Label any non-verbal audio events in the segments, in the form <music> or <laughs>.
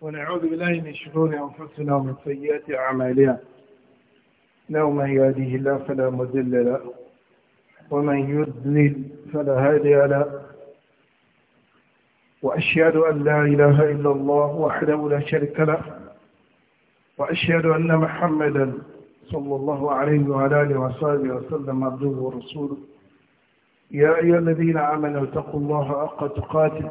ونعوذ بالله من شرور أنفسنا ومن سيئات أعمالنا لو من يهديه الله فلا مذل له ومن يضلل فلا هادي له وأشهد أن لا إله إلا الله وحده لا شريك له وأشهد أن محمدا صلى الله عليه وعلى آله وصحبه وسلم عبده ورسوله يا أيها الذين آمنوا اتقوا الله حق تقاته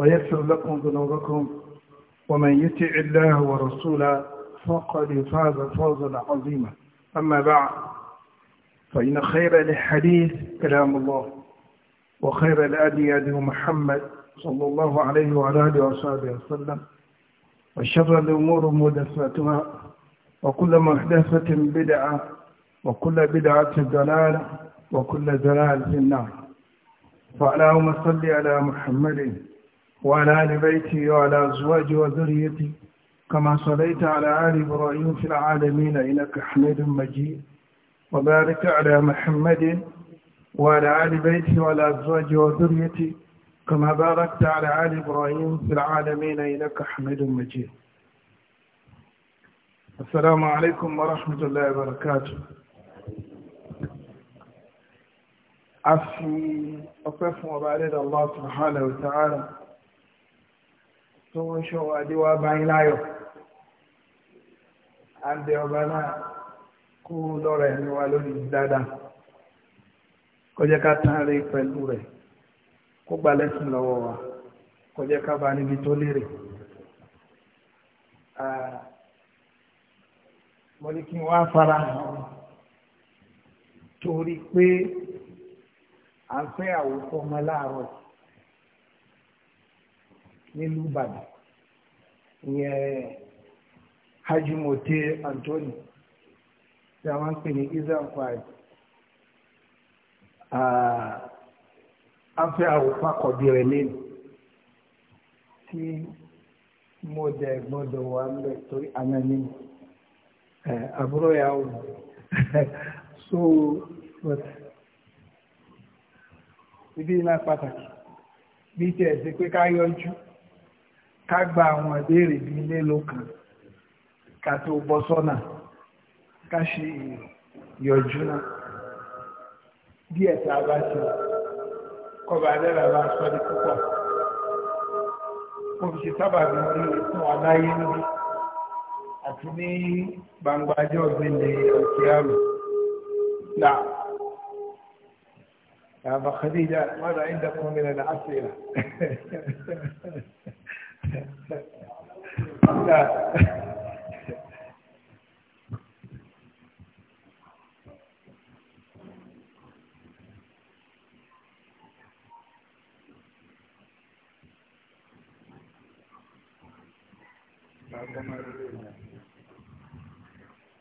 ويغفر لكم ذنوبكم ومن يطع الله ورسوله فقد فاز فوزا عظيما أما بعد فإن خير الحديث كلام الله وخير الأدي أدي محمد صلى الله عليه وعلى آله وصحبه وسلم وشر الأمور مدفاتها وكل محدثة بدعة وكل بدعة دلالة وكل ضلال في النار فاللهم صل على محمد وعلى آل بيتي وعلى أزواجي وذريتي كما صليت على آل إبراهيم في العالمين إنك حميد مجيد وبارك على محمد وعلى آل بيتي وعلى أزواجي وذريتي كما باركت على آل إبراهيم في العالمين إنك حميد مجيد السلام عليكم ورحمة الله وبركاته أفي أقف وبعد الله سبحانه وتعالى tó ń ṣọ́ adéwà báyìí láyọ̀ àǹdẹ ọba náà kú lọ́rọ̀ ẹ̀mí wa lórí dáadáa kọjá ká tán rí pẹ̀lú rẹ̀ kó gba lẹ́sìn lọ́wọ́ wa kọjá ká bá níbi tó lérè mo ní fara hàn torí pé à ń fẹ́ àwòkọ́ ọmọ láàárọ̀ yìí nílùú ìbàdàn ìyẹn hajimote antoni tí a máa ń pè ní israel choir afẹ́ àwòpakọ̀bí rẹ̀ lẹ́nu tí mo dẹ̀ gbọ́dọ̀ wà lẹ̀ torí àná àbúrò yà wù <laughs> so but ibi iná pàtàkì bí tẹ̀ sí pé ká yọjú ká gba àwọn ìbéèrè bíi mélòó kan ká tó bọ́ sọ́nà ká ṣe yọjú náà díẹ̀ tá a bá ṣe kọba adẹ́rẹ́ bá sọ ní púpọ̀ kò fi sábàbí orí fún aláyé níbi àti ní gbangbajọ́ ìgbìnlẹ̀ ọ̀kí àrùn náà يا أبا خديجة ماذا عندكم من العسيرة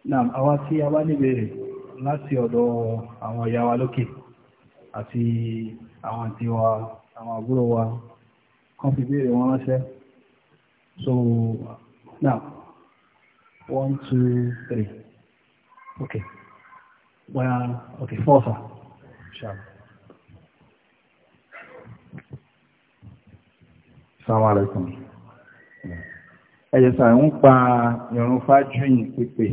Naam, àwa tí a bá láti ọ̀dọ̀ àwọn ìyá wa lókè àti àwọn àti wa, àwọn àbúrò wa, kan fi béèrè wọn ránṣẹ́. So now, one, two, three. Okay. Well, okay, four, sir. Sure. Assalamu alaikum. Ẹ̀yẹ̀ sàrẹ̀ ń pa ìrun fájúyìn pípé.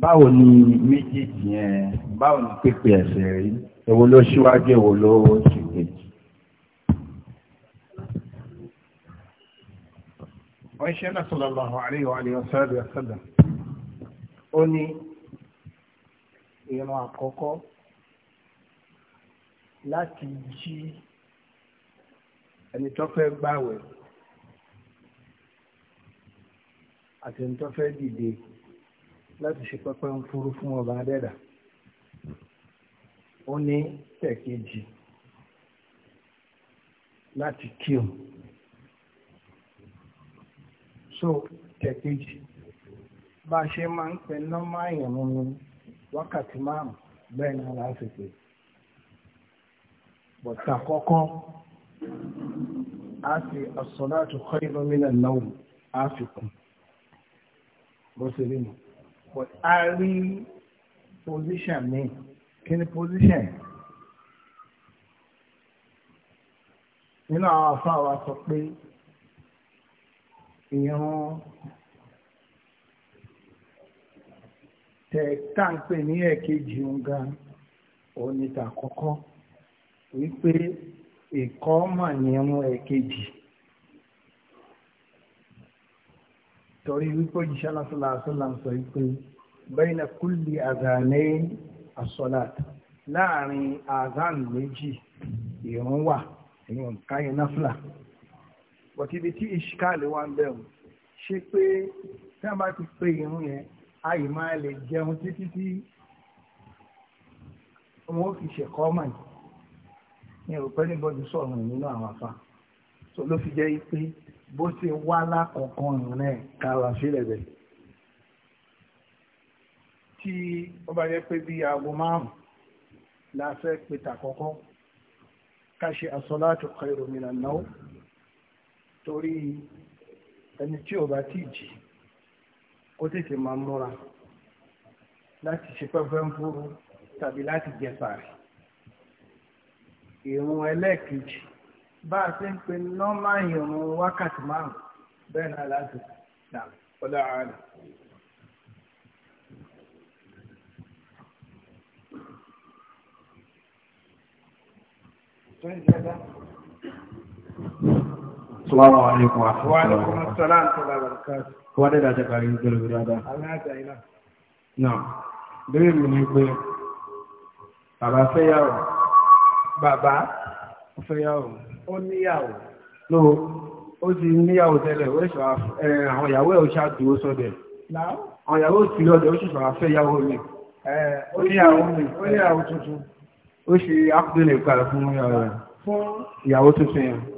Báwo ni méjèèjì yẹn, báwo ni pípé ẹ̀sẹ̀ rí? Èwo ló ṣíwájú, èwo ló ṣìkejì? ọ̀ṣẹ́ náà sallallahu alaihi wa alihi wa sallam ó ní ìran àkọ́kọ́ láti jí ẹni tó fẹ́ gbàwẹ̀ àti ẹni tó fẹ́ dìde láti ṣe pẹ́pẹ́ ń furu fún ọba adẹ́dà ó ní tẹ̀kejì láti kírun so tẹ̀kejì bá a ṣe máa ń pè nọ́mà ìyẹ̀mú ni wákàtí márùn bẹ́ẹ̀ ni ara bọ̀tà kọ́kọ́ a fi as-salatu khayrun minan nawm a fi kún bó ṣe rí mu but a rí position mi kí ni position nínú àwọn afáwa sọ pé ìran tẹ̀ táǹpẹ̀ ní ẹ̀kejì nǹkan oníta kọ́kọ́ wípé ìkọ́ mà ní ẹ̀wọ̀n ẹ̀kejì torí wípé òjíṣẹ́ lásìlá àṣọlá ń sọ wípé bẹ́ẹ̀nà kúlì àzànẹ́ àṣọlát láàrin àzán méjì ìrún wà ìrún káyọ̀ náfìlà bọ̀tí ibi tí ìṣkáàlì wà ń bẹ̀rù ṣe pé tí wọ́n bá ti pe irun yẹn àyè máa lè jẹun títí tí wọ́n fi ṣẹ̀kọ́ mọ̀ yìí ní òpẹ́ níbọ̀dù sọ̀rọ̀ nínú àwọn afá tó ló fi jẹ́ pé bó ṣe wá lákọ̀ọ́kan ìrìn náà kára sílẹ̀ bẹ̀rẹ̀ tí ó bá jẹ́ pé bí aago márùn-ún la fẹ́ pètà kọ́kọ́ ká ṣe as-salatu khairu minan nawm torí ẹni tí ò bá tí jì kó tètè máa múra láti ṣe pẹ́pẹ́ ń fúru tàbí láti jẹ sàárì ìrun ẹlẹ́ẹ̀kejì bá a ṣe ń pe nọ́mà ìrun wákàtí márùn bẹ́ẹ̀ náà láti nà ọ̀dà ààrẹ. Thank you. Salamu alaikum wa rahmatullahi wa dada ta kari galibu dada. Na, bẹ́rẹ̀ mi ni pé, bàbá fẹ́ yàwó. Bàbá fẹ́ yàwó. Ó níyàwó. Ló, ó ti níyàwó tẹ́lẹ̀, ó ṣọ́ àwọn ìyàwó ẹ̀ ó ṣáàtù ó sọ́dẹ̀. Àwọn ìyàwó ti lọ́dẹ̀ ó ṣùṣọ́ àfẹ́ yàwó mi. Ó níyàwó mi, ó níyàwó tuntun. Ó ṣe ápùdó lè kàrẹ̀ fún ìyàwó tuntun yẹn.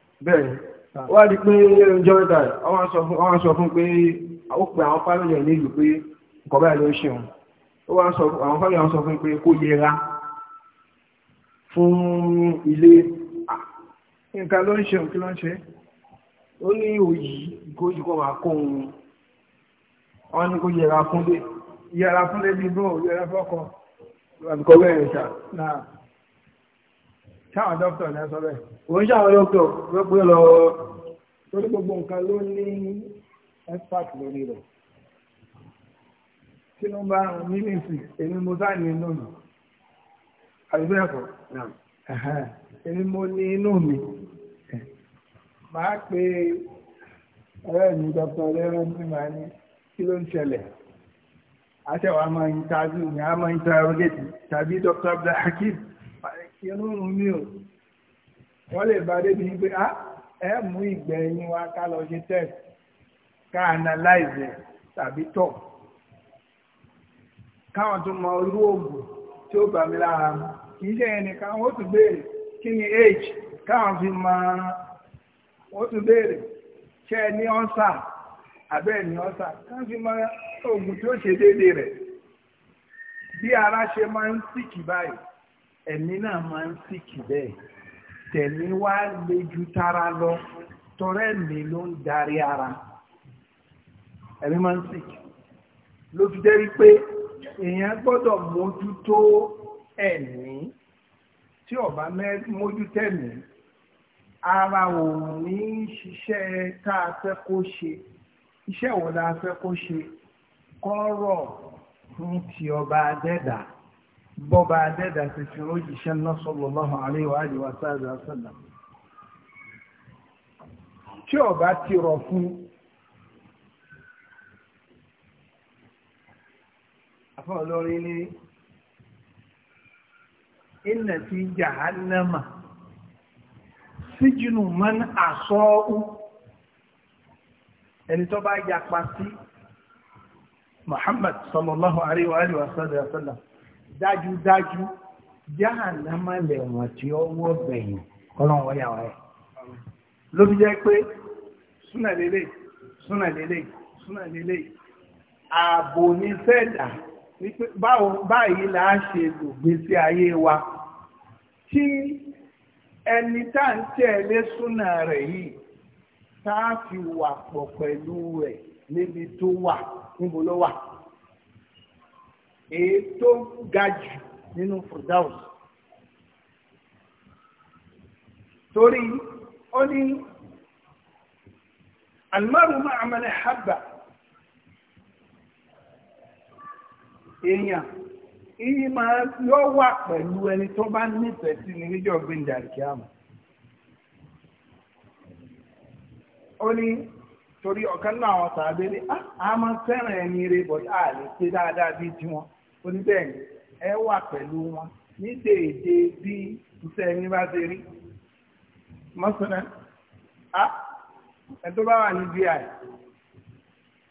bẹ́ẹ̀ wá di pé ẹjọ́ mẹ́ta wọ́n sọ fún pé ó pe àwọn fámìlì ẹ̀ nílùú pé nǹkan báyìí ló ń ṣe òun ó wá sọ àwọn fámìlì àwọn sọ fún pé kó yẹra fún ilé nǹkan ló ń ṣe òun kí ló ń ṣe ó ní òyì ìkójú kan máa kó òun wọ́n ní kó yẹra fúnlé yẹra fúnlé bí bó yẹra fọ́kọ àbíkọ́ bẹ́ẹ̀ ṣá náà ṣáwọn dókítà ní ẹsọ bẹ́ẹ̀ òun ṣáwọn dókítà ló pé lọ torí gbogbo nǹkan ló ní expert lórí rẹ̀ tí wọ́n bá ń ní nìsí èmi mo sá ní inú mi àbíbẹ́ ẹ̀kọ́ èmi mo ní inú mi máa pe ọ̀rẹ́ mi dókítà lẹ́rọ mi máa ní kí ló ń ṣẹlẹ̀ àṣẹwà máa ń tajú ni a máa ń ta ọgẹ́tì tàbí dókítà Abdul Hakim irúrun mi ò wọ́n lè bá débi pé á ẹ mú wa ká lọ ṣe test ká analyze tàbí tọ̀ káwọn tó mọ irú oògùn tí ó bá mi lára mu kì í ṣe yẹn nìkan ó tún ni age káwọn fi mọ ó tún béèrè ṣé ẹ ní ọ́nsà abẹ́ ẹ̀ ní ọ́nsà káwọn fi mọ oògùn tí ó ṣe déédéé ara ṣe máa ń ẹ̀mí náà máa ń sìkì bẹ́ẹ̀ tẹ̀mí wá le ju tara lọ tọrẹ́ mi ló ń darí ara ẹ̀mí máa ń sìkì ló fi jẹ́ wípé èèyàn gbọ́dọ̀ mójútó ẹ̀mí tí ọba mójútẹ̀mí ara ò ní ṣiṣẹ́ tá a fẹ́ kó ṣe iṣẹ́ wo la fẹ́ kó ṣe kọ́rọ̀ fún ti ọba adẹ́dàá bọ́ba adẹ́dà ti fi rójìṣẹ́ náà sallallahu alaihi wa alihi wa sallam tí ọba ti rọ̀ fún afọ́ olórin ní inna fi jahannama síjìnù man àsọ́ọ́hù ẹni tó bá yapa sí Muhammad sallallahu alaihi wa alihi wa dájúdájú jahannama lẹ̀wọ̀n tí ó wọ́ bẹ̀yìn kọ́lọ́n wọ́yà wáyà ló fi jẹ́ pé súnà lélẹ̀ súnà lélẹ̀ súnà lélẹ̀ ààbò ní fẹ́ẹ̀dà wípé báyìí là á ṣe lò gbèsè ayé wa tí ẹni tá à ń tẹ̀lé súnà rẹ̀ yìí tá a fi wà pọ̀ pẹ̀lú rẹ̀ níbi tó wà níbo ló wà. èyí tó ga jù nínú firdaus torí ó ní almaru ma'a man habba èèyàn ìyí máa yóò wà pẹ̀lú ẹni tó bá nífẹ̀ẹ́ sí ní níjọ́ gbẹ̀ndà ó ní torí ọ̀kan náà tàbí ní ah, a máa fẹ́ràn ẹni rẹ̀ bọ̀ lè dáadáa bí oníbẹ̀ẹ̀ni ẹ wà pẹ̀lú wọn ní déédé bí iṣẹ́ ẹni bá ṣe rí mọ́sánná á ẹ tó bá wà ní bíi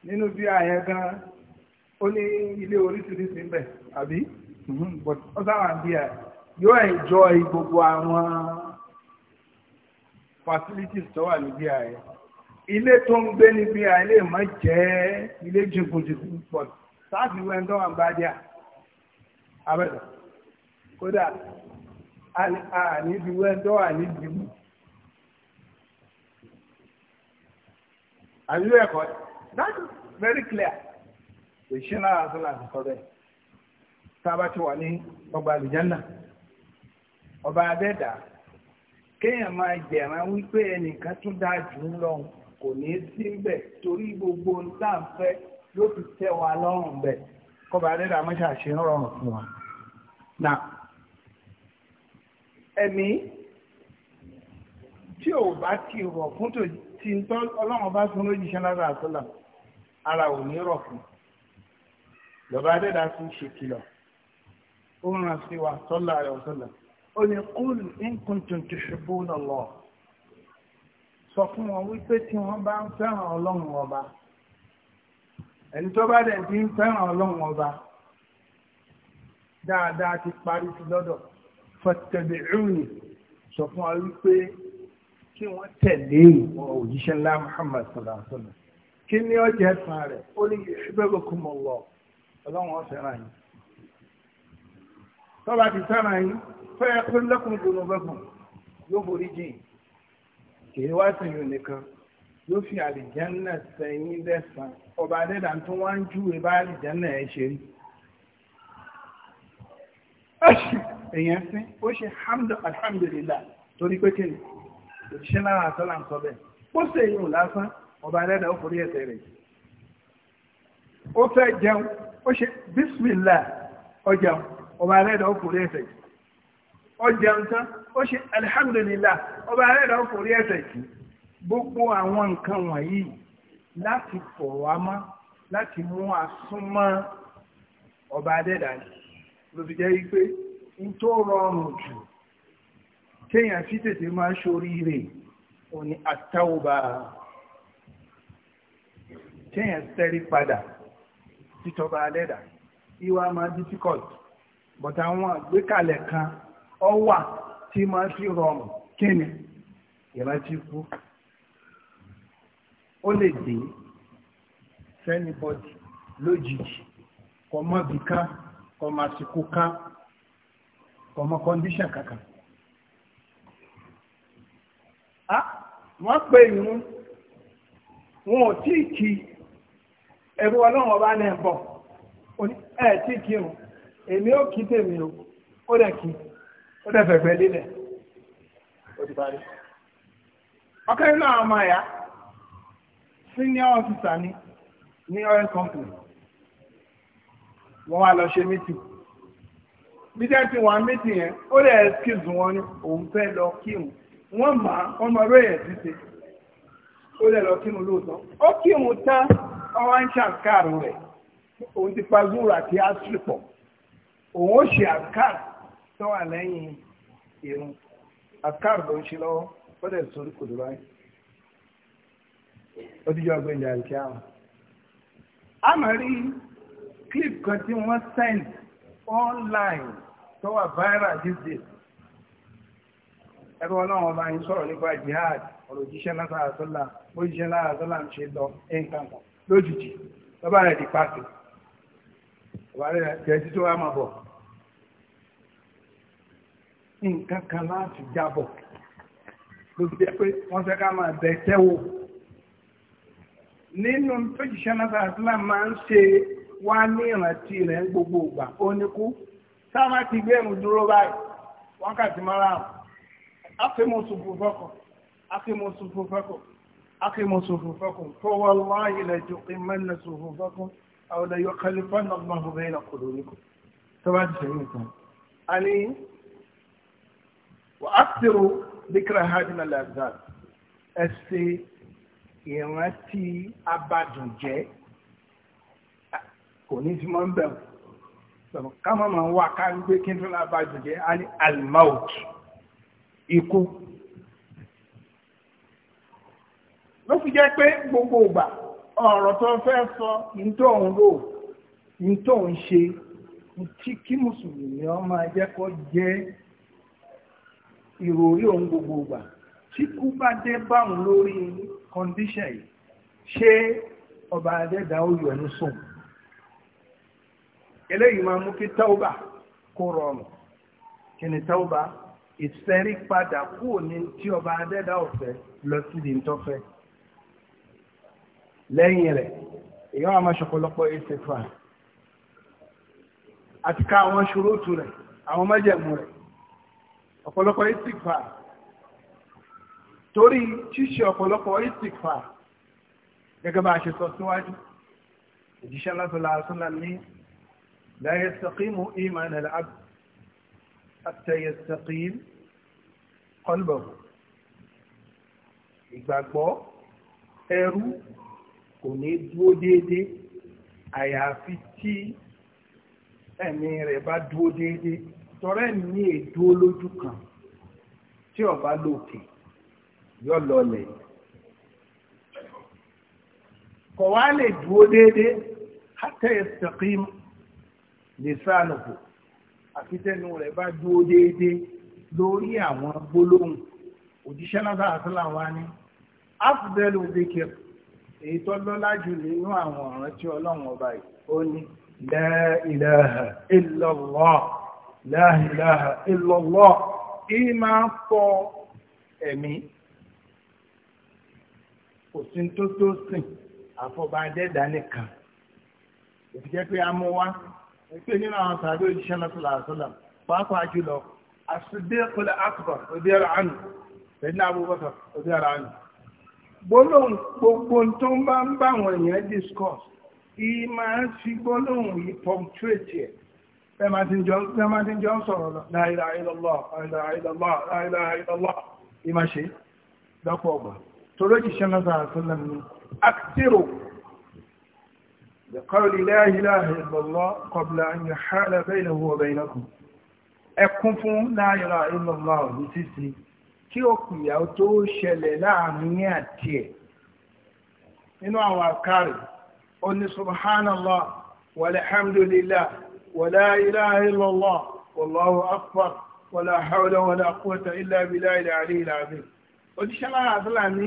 nínú bí ààyẹ gan ó ní ilé oríṣiríṣi ńbẹ àbí mhm, but ó sáwọn bí ààyè yóò enjoy gbogbo àwọn facilities tó wà níbí ààyè ilé tó ń gbé níbí ààyè lè má jẹ́ ilé jìnkùjìnkù but sáàfì wẹ́n wà ń bá díà abẹ́dọ̀ kódà àníbi wẹ́ńdọ́ àníbi mú àyú ẹ̀kọ́ that is very clear náà sọ bẹ́ẹ̀ sábà wà ní ọba abẹ́dà kéèyàn máa jẹ̀rán wípé ẹnìkan tún dáa jù ú kò ní í sí gbogbo fẹ́ kọba rẹ̀ àmọ́ṣà ṣe rọrùn fún wa na ẹ̀mí tí ò bá ti rọ̀ fún tó ti ń tọ́ ọlọ́run bá fún lójíṣẹ́ lára àtọ́là ara ò ní rọ̀ fún lọ́ba dẹ́dà tún ṣe kìlọ̀ ó ràn sí wa tọ́lá rẹ̀ ọ̀tọ́là ó ní qul in kuntum tuhibbuna Allah sọ fún wọn wípé tí wọ́n bá ń fẹ́ràn ọlọ́run ọba ẹni tó bá dẹ̀ ti ń fẹ́ràn ọlọ́run ọba dáadáa ti parí sí lọ́dọ̀ fattabi'uni sọ fún wa wípé kí wọ́n tẹ̀lé ìwọ òjíṣẹ́ ńlá Muhammad sallallahu alaihi wasallam kí ni ó jẹ́ fún rẹ̀ ó ní yuhibbukumullah ọlọ́run ó fẹ́ràn tó bá ti fẹ́ràn yín fẹ́ pé lọ́kùnrin gbòmọ̀ bẹ́kùn yóò borí jìn kì í wá sí yìí nìkan yóò fi àlìjánà sẹ́yìn lẹ́sàn ọba adẹ́dà tó wá ń júwe bá àlìjánà ẹ̀ ṣe rí èèyàn sí ó ṣe hamdu alhamdulillah torí pé kí ni òṣìṣẹ́ lára àtọ́là ń sọ bẹ́ẹ̀ ó ṣe èyí lásán ọba adẹ́dà ó forí ẹ̀ṣẹ̀ rẹ̀ ó fẹ́ jẹun ó ṣe bismillah ó ọba adẹ́dà ó forí ẹ̀ṣẹ̀ ó jẹun tán ó ṣe alhamdulillah ọba adẹ́dà ó forí ẹ̀ṣẹ̀ yìí gbogbo àwọn nǹkan wọ̀nyí láti fọ̀ wá mọ́ láti mú asúnmọ́ ọba adẹ́dà ló fi jẹ́ wípé n tó rọrùn jù kéèyàn fi tètè máa ṣoríire òní àtàwọ̀bà kéèyàn sẹ́rí padà títọba adẹ́dà ìwà máa difficult but àwọn àgbékalẹ̀ kan ọ tí máa fi rọrùn kíni ìrántí kú. ó lè dé fẹ́nibọ́dì lójijì kọmọ́bì ká kọmọ àsìkò ká kọmọ kọndíṣàn kàkà. a wọ́n pe ìrún wọn ò tí kí ẹ̀rù ọlọ́run ọba náà bọ̀ ẹ̀ tí kí wọn èmi ò kí tèmi o ó dẹ̀ kí ó dẹ̀ fẹ̀fẹ̀ lílẹ̀ ó inú àwọn ọmọ ẹ̀yà. senior officer ni ní oil company wọn wá lọ ṣe mítì bí jẹ́ ti wà mítì yẹn ó lè excuse wọn ni òun fẹ́ lọ kírun wọ́n mọ̀ wọ́n mọ̀ lóye títí ó lè lọ kírun lóòótọ́ ó kírun tán ọwọ́ ń ṣàǹkàrù rẹ̀ òun ti pa zúrà tí a sì pọ̀ òun ó ṣe tó wà lẹ́yìn irun ó ti jọ ọgbẹ́ni àríkí àwọn. a máa rí clip kan tí wọ́n send online tó wà viral these days. ẹgbẹ́ ọlọ́run ọba yín sọ̀rọ̀ nípa jihad ọ̀rọ̀ òjíṣẹ́ náà sára sọ́là bó jíṣẹ́ náà sọ́là ń ṣe lọ nǹkan kan lójijì lọ́ba rẹ̀ di pàṣẹ. ọba rẹ̀ jẹ́ títí wàá máa bọ̀. nǹkan kan láti jábọ̀ ló fi jẹ́ pé wọ́n fẹ́ ká máa bẹ̀ tẹ́wọ̀. nínú tó jíṣẹ́ máa ń ṣe wá ní ìrántí rẹ̀ gbogbo ìgbà ó ní kú sáwọn ti gbé ẹ̀rù dúró báyìí wákàtí mara ọ̀ afẹ́mọ̀sùfù fọ́kọ̀ tó wọ́n láàyè lẹ́jọ́ ìmọ̀lẹ́sùfù àwọn na kẹlifọ́n náà máa fọ́ bẹ́ẹ̀ lọ́kọ̀ tó bá ti ìrántí abadùnjẹ́ kò ní sí mọ́ ń bẹ̀rù sọ̀rọ̀ káwọn máa ń wá ká ń gbé kí n tún abadùnjẹ́ á ní almaut ikú ló fi jẹ́ pé gbogbo ìgbà ọ̀rọ̀ tó fẹ́ sọ ìtò òun rò ìtò òun ṣe tí kí mùsùlùmí ọ máa jẹ́ kó jẹ́ ìròrí òun gbogbo ìgbà tí kú bá dé báwọn lórí kọ́ndíṣẹ̀ yìí ṣé ọba adẹ́dà ó yọ ẹnu sùn eléyìí máa mú kí tọ́ọ̀bà kó rọrùn kí ni tọ́ọ̀bà ìsẹ́rí padà kúrò ní tí ọba adẹ́dà ọ̀fẹ́ lọ sí di ntọ́fẹ́ lẹ́yìn rẹ̀ èyí wọn máa ṣọ̀pọ̀lọpọ̀ ìsèfà àti ká àwọn ṣòro tù rẹ̀ àwọn májẹ̀mú rẹ̀ ọ̀pọ̀lọpọ̀ ìsèfà torí ṣíṣe ọ̀pọ̀lọpọ̀ istikfa gẹ́gẹ́ bá a ṣe sọ síwájú òjíṣẹ́ lásìlá àṣìlá ní la yastaqimu iman al-abd hatta yastaqim qalbuhu ìgbàgbọ́ ẹrú kò ní dúó déédéé àyàfi tí ẹ̀mí rẹ̀ bá dúó déédéé tọrẹ́ ní èdúó lójú kan tí ó lókè yọ lọlẹ̀ kọ̀ wá lè dúó déédéé hátà yastaqim lisanuhu àti tẹnu rẹ̀ bá dúó déédéé lórí àwọn gbólóhùn òjíṣẹ́ náà sàásílà wá ní afdalu zikir èyí tó lọ́lá jù nínú àwọn ọ̀ràn tí ọlọ́run ọba yìí ó ní la ilaha illallah la ilaha illallah ìmá fọ ẹ̀mí kò sí tó tó sìn àfọbàdẹ́dà nìkan òfì pé a mú nínú àwọn sàbẹ̀ òjíṣẹ́ lọ́sọ̀lá àṣọlá pàápàá jùlọ àṣùdẹ́kọlẹ̀ àkùbà òbí ara àánú pẹ̀lú àbúbọ̀tà òbí ara àánú. gbólóhùn gbogbo tó ń bá ń bá àwọn èèyàn discuss ìyí máa ń fi gbólóhùn yìí punctuate ẹ̀ bẹ́ẹ̀ máa ti jọ sọ̀rọ̀ lọ la تلوجي شمس على سلم أكثروا بقول لا إله إلا الله قبل أن يحال بينه وبينكم ẹkún fún la ilaha illallah ọ̀hún sísí kí òkú ìyàwó tó ṣẹlẹ̀ láàrin ní àti ẹ̀ nínú àwọn àkárì ó ní subhanallah walhamdulillah wala ilaha lára àtúlà ní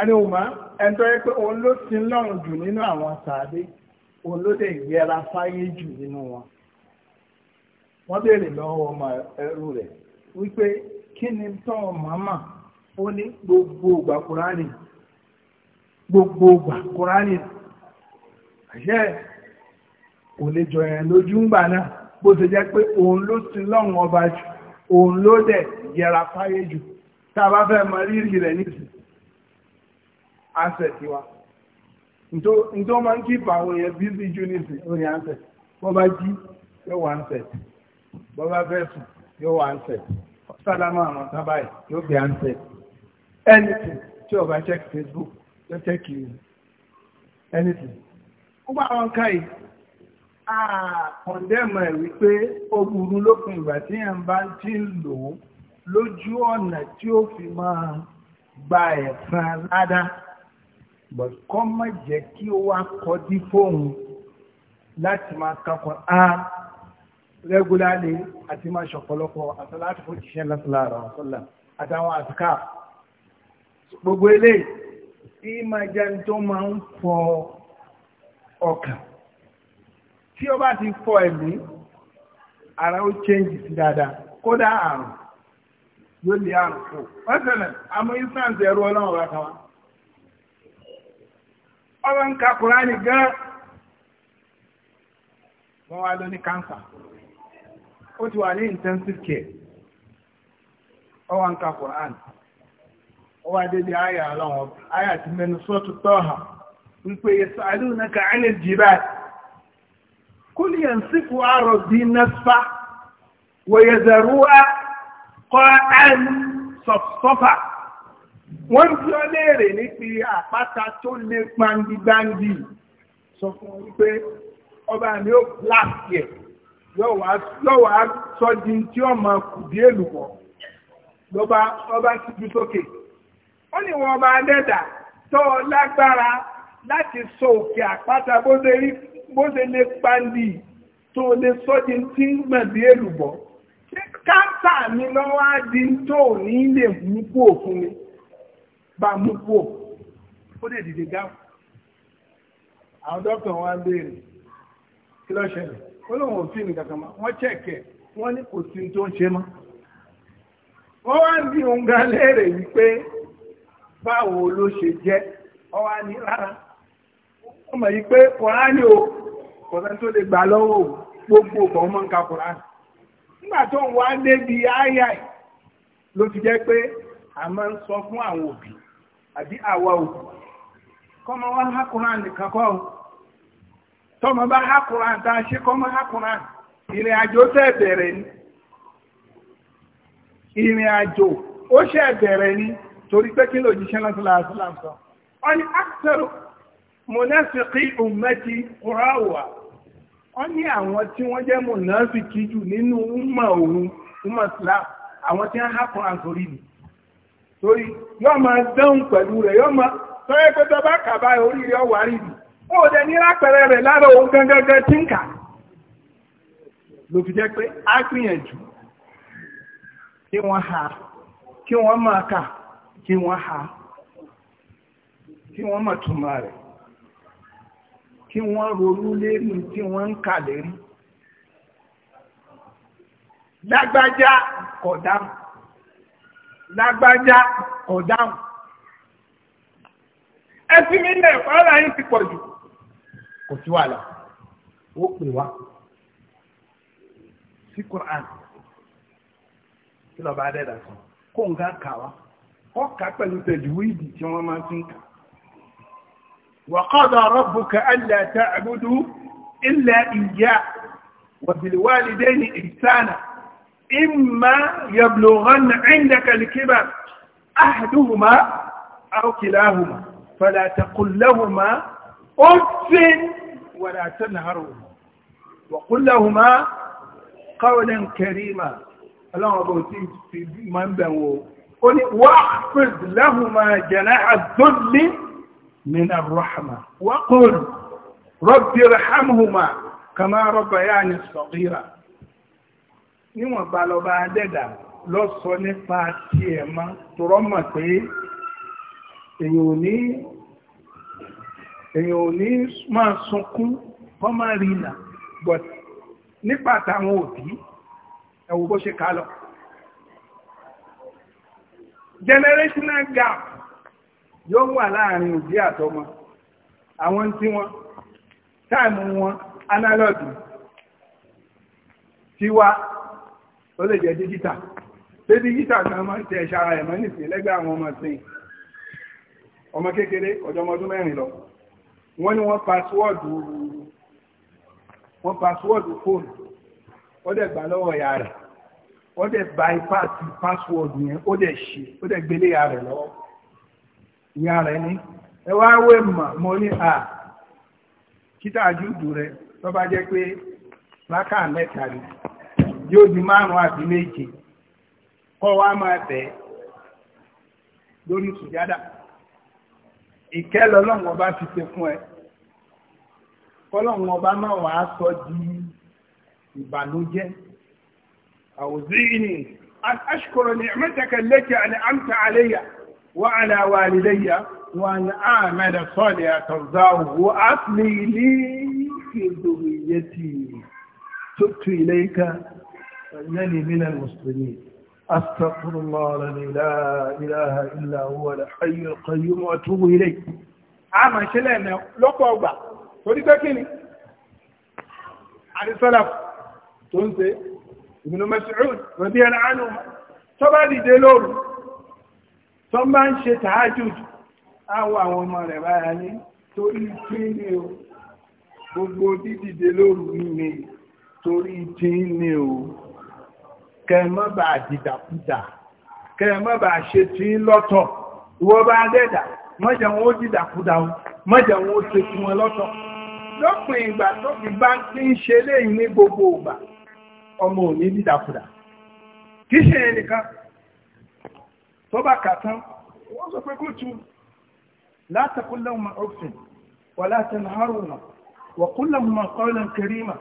àríwùmá ẹ̀ntọ́ yẹ pé òun ló ti lọ́rùn jù nínú àwọn sàádé òun ló dẹ̀ yẹra fáyé jù nínú wọn wọ́n béèrè lọ́wọ́ ọmọ ẹrú rẹ̀ wípé kí ni tọ́ màmá ó ní gbogbo ìgbà kúránì gbogbo ìgbà kúránì àṣẹ kò lè jọyàn lójú ńgbà náà bó ti jẹ́ pé òun ló ti lọ́rùn ọba jù òun ló dẹ̀ yẹra fáyé jù tá a bá fẹ́ mọ rírì rẹ̀ nísìnyí asset tiwa nítorí máa ń keep àwọn èèyàn busy unity lórí asset wọ́n bá jí yóò wá asset wọ́n bá fẹ́ sùn yóò wá asset sálámà àwọn sábàáyì yóò gbé asset anything tí o bá check Facebook yóò check you anything ó bá wọn ká yìí àkọ̀ndẹ́mọ̀ ẹ̀ wípé ó burú lópin ìgbà tí ẹ̀ ń bá ti ń lò ó lójú ọ̀nà tí ó fi máa gba ẹ̀san ládàá but kọ́ má jẹ́ kí ó wá kọjú fóun láti máa kankan á regularly àti máa ṣọ̀pọ̀lọpọ̀ àtàláàtì fún ìṣiṣẹ́ lọ́sọ̀lára ọ̀sọ́là àtàwọn àtìká gbogbo eléyìí tí máa jẹ́ ní tó máa ń fọ ọkàn tí ó bá ti fọ ẹ̀mí ara ó change sí dáadáa kódà àrùn yóò lè àrùn fò wọ́n sẹ̀lẹ̀ àmọ́ instance ẹ̀rọ ọlọ́run bá wá. ọmọ ń ka kùránì gan wọ́n wá ló ní káńsà ó ti wà ní intensive care ọwọ́ ń ka kùránì ó wá dédé ayà ọlọ́wọ́ ayà ti mẹ́nu sọ́tù tọ́hà wípé yẹsọ alúnaka alẹ́ jìbá kúlì yẹn sífù àrọ̀ bí kọ́ sọ̀fà wọ́n tí ó léèrè ní ti àpáta tó lé gbandigbandi sọ fún wípé ọba mi ó blast yẹ yóò wá sọ di tí ó máa kù bí èlùbọ́ lọ́ba ọba síbi sókè ó ní wọn ọba adẹ́dà tó lágbára láti sọ òkè àpáta bó ṣe lé gbandi tó lè sọ tí ń gbọ̀n bí èlùbọ́ káńtà mi lọ́wọ́ á di tó ní lè mú kú òfin mi bá mú kúò ó lè dìde dáhùn àwọn dókítà wọn á béèrè kí ló ṣẹlẹ̀ ó lóun ò fi nìkan kan mọ́ wọ́n chẹ̀kẹ̀ wọ́n ní kò sí tó ń ṣe mọ́ wọ́n wá ń bí òun ga léèrè wípé báwo ló ṣe jẹ́ wọ́n wá ní rárá wọ́n mọ̀ yí pé kọ́ránì o kọ̀ọ̀tàn tó lè gbà lọ́wọ́ gbogbo ọ̀pọ̀ ọmọ nǹkan kọ̀ránì nígbà tó ń wá débi áyà ló fi jẹ́ pé a máa ń sọ fún àwọn òbí àbí awa ò Kọma wá hákùnrán nìkan kọ́ tọ́mọ bá hákùnrán tá a ṣe kọ́mọ hákùnrán ìrìn àjò tẹ́ bẹ̀rẹ̀ ni ìrìn àjò bẹ̀rẹ̀ ni torí pé kí lòjíṣẹ́ sọ ni akitẹ́rù mọ̀nẹ́sìkì ummati kúráwà wọ́n ní àwọn tí wọ́n jẹ́ mọ̀nẹ́sìkì jù nínú umma òun umma islam àwọn tí wọ́n hákùnrán torí yọ́ ma dẹ́hùn pẹ̀lú rẹ̀ yọ́ ma tọ́yẹ́ pé tọ́ bá kàbá orí rẹ̀ wà rí bì ó dẹ̀ ní lápẹẹrẹ rẹ̀ lára òun gangan tí ń kà ló fi jẹ́ pé á gbìyànjú kí wọ́n ha kí wọ́n máa kà kí wọ́n ha kí wọ́n máa túmọ̀ rẹ̀ kí wọ́n ronú lérí tí wọ́n ń kà lérí lágbájá kọ̀dáhùn lágbájá ọ̀dáhùn ẹtí mi lẹ̀ wàhálà yín ti pọ̀ jù kò sí wàhálà ó pè wá sí Quran kí lọ́ba adẹ́dà sọ kó ń ga kà wá ó kà pẹ̀lú pẹ̀lú wíìdì tí wọ́n máa ti ń kà. وقضى ربك ألا تعبدوا إلا إياه وبالوالدين إحسانا إما يبلغن عندك الكبر أحدهما أو كلاهما فلا تقل لهما أف ولا تنهرهما وقل لهما قولا كريما الله أبو في من بنو قل واحفظ لهما جناح الذل من الرحمة وقل رب ارحمهما كما ربياني صغيرا níwọ̀nba lọ́ba adẹ́dà lọ sọ nípa tiẹ̀ mọ́ torọ́ mọ̀ pé èèyàn ò ní èèyàn ò ní máa sunkún kọ́ máa rí ìlà but nípa tàwọn òbí ẹ̀wù bó ṣe ká generational gap yóò wà láàrin òbí àtọmọ àwọn tí wọn táìmù wọn analogy tiwa ó lè jẹ́ dígítà ṣé dígítà náà máa ń tẹ ẹ̀ṣà ara ẹ̀mọ́ nìsín lẹ́gbẹ́ àwọn ọmọ sí ọmọ kékeré ọ̀dọ́mọdún mẹ́rin lọ wọ́n ní wọ́n pàṣíwọ́ọ̀dù wọ́n pàṣíwọ́ọ̀dù fóònù ó dẹ̀ gbà lọ́wọ́ ìyá rẹ̀ ó dẹ̀ bypass pàṣíwọ́ọ̀dù yẹn ó dẹ̀ ṣe ó dẹ̀ gbélé ìyá rẹ̀ lọ́wọ́ ìyá rẹ̀ ní ẹ wá wé mọ̀ mo ní à kíta àjúdù rẹ̀ tó bá jẹ́ pé lákà mẹ́ta rẹ̀ yóò di márùn-ún àti méje kọ́ wa máa tẹ̀ lórí sùjádà ìkẹ́ lọ́lọ́run ọba ti ṣe fún ẹ kọ́lọ́run ọba máa wà á sọ di ìbànújẹ́ àwòzíìní ashkuru ni'mataka allati an'amta alayya wa ala walidayya wa an a'mala salihan tardahu wa asli li fi dhurriyyati tubtu ilayka أنني من المسلمين أستغفر الله الذي لا إله إلا هو الحي القيوم وأتوب إليه àmà ìṣẹ̀lẹ̀ ẹ̀mẹ̀ lọ́pọ̀ ọgbà torí pé kí ni àdìsọ́là tó ń ṣe Ibn Mas'ud rẹ̀bí ẹ̀rọ àánú tó bá dìde lóru tó bá ń ṣe tahajjud àwọ àwọn ọmọ rẹ̀ báyà ní torí tí ni o gbogbo dídìde lóru ní mi torí tí ni o kẹ́ẹ̀mọ́ bá dìdàkúdà kẹ́ẹ̀mọ́ bá ṣe tí lọ́tọ̀ ìwọ bá dẹ́dà mọ́jẹ̀ wọn ó dìdàkúdà o mọ́jẹ̀ wọn ó ṣe tí wọn lọ́tọ̀ lópin ìgbà tó fi bá ti ń ṣe léyìn ní gbogbo ìgbà ọmọ ò ní dìdàkúdà kì í ṣe ẹnìkan tó bá kà tán wọ́n sọ pé kó tu látàkùn wọ́n látàkùn lẹ́wọ̀n máa وقل لهما قولا كريما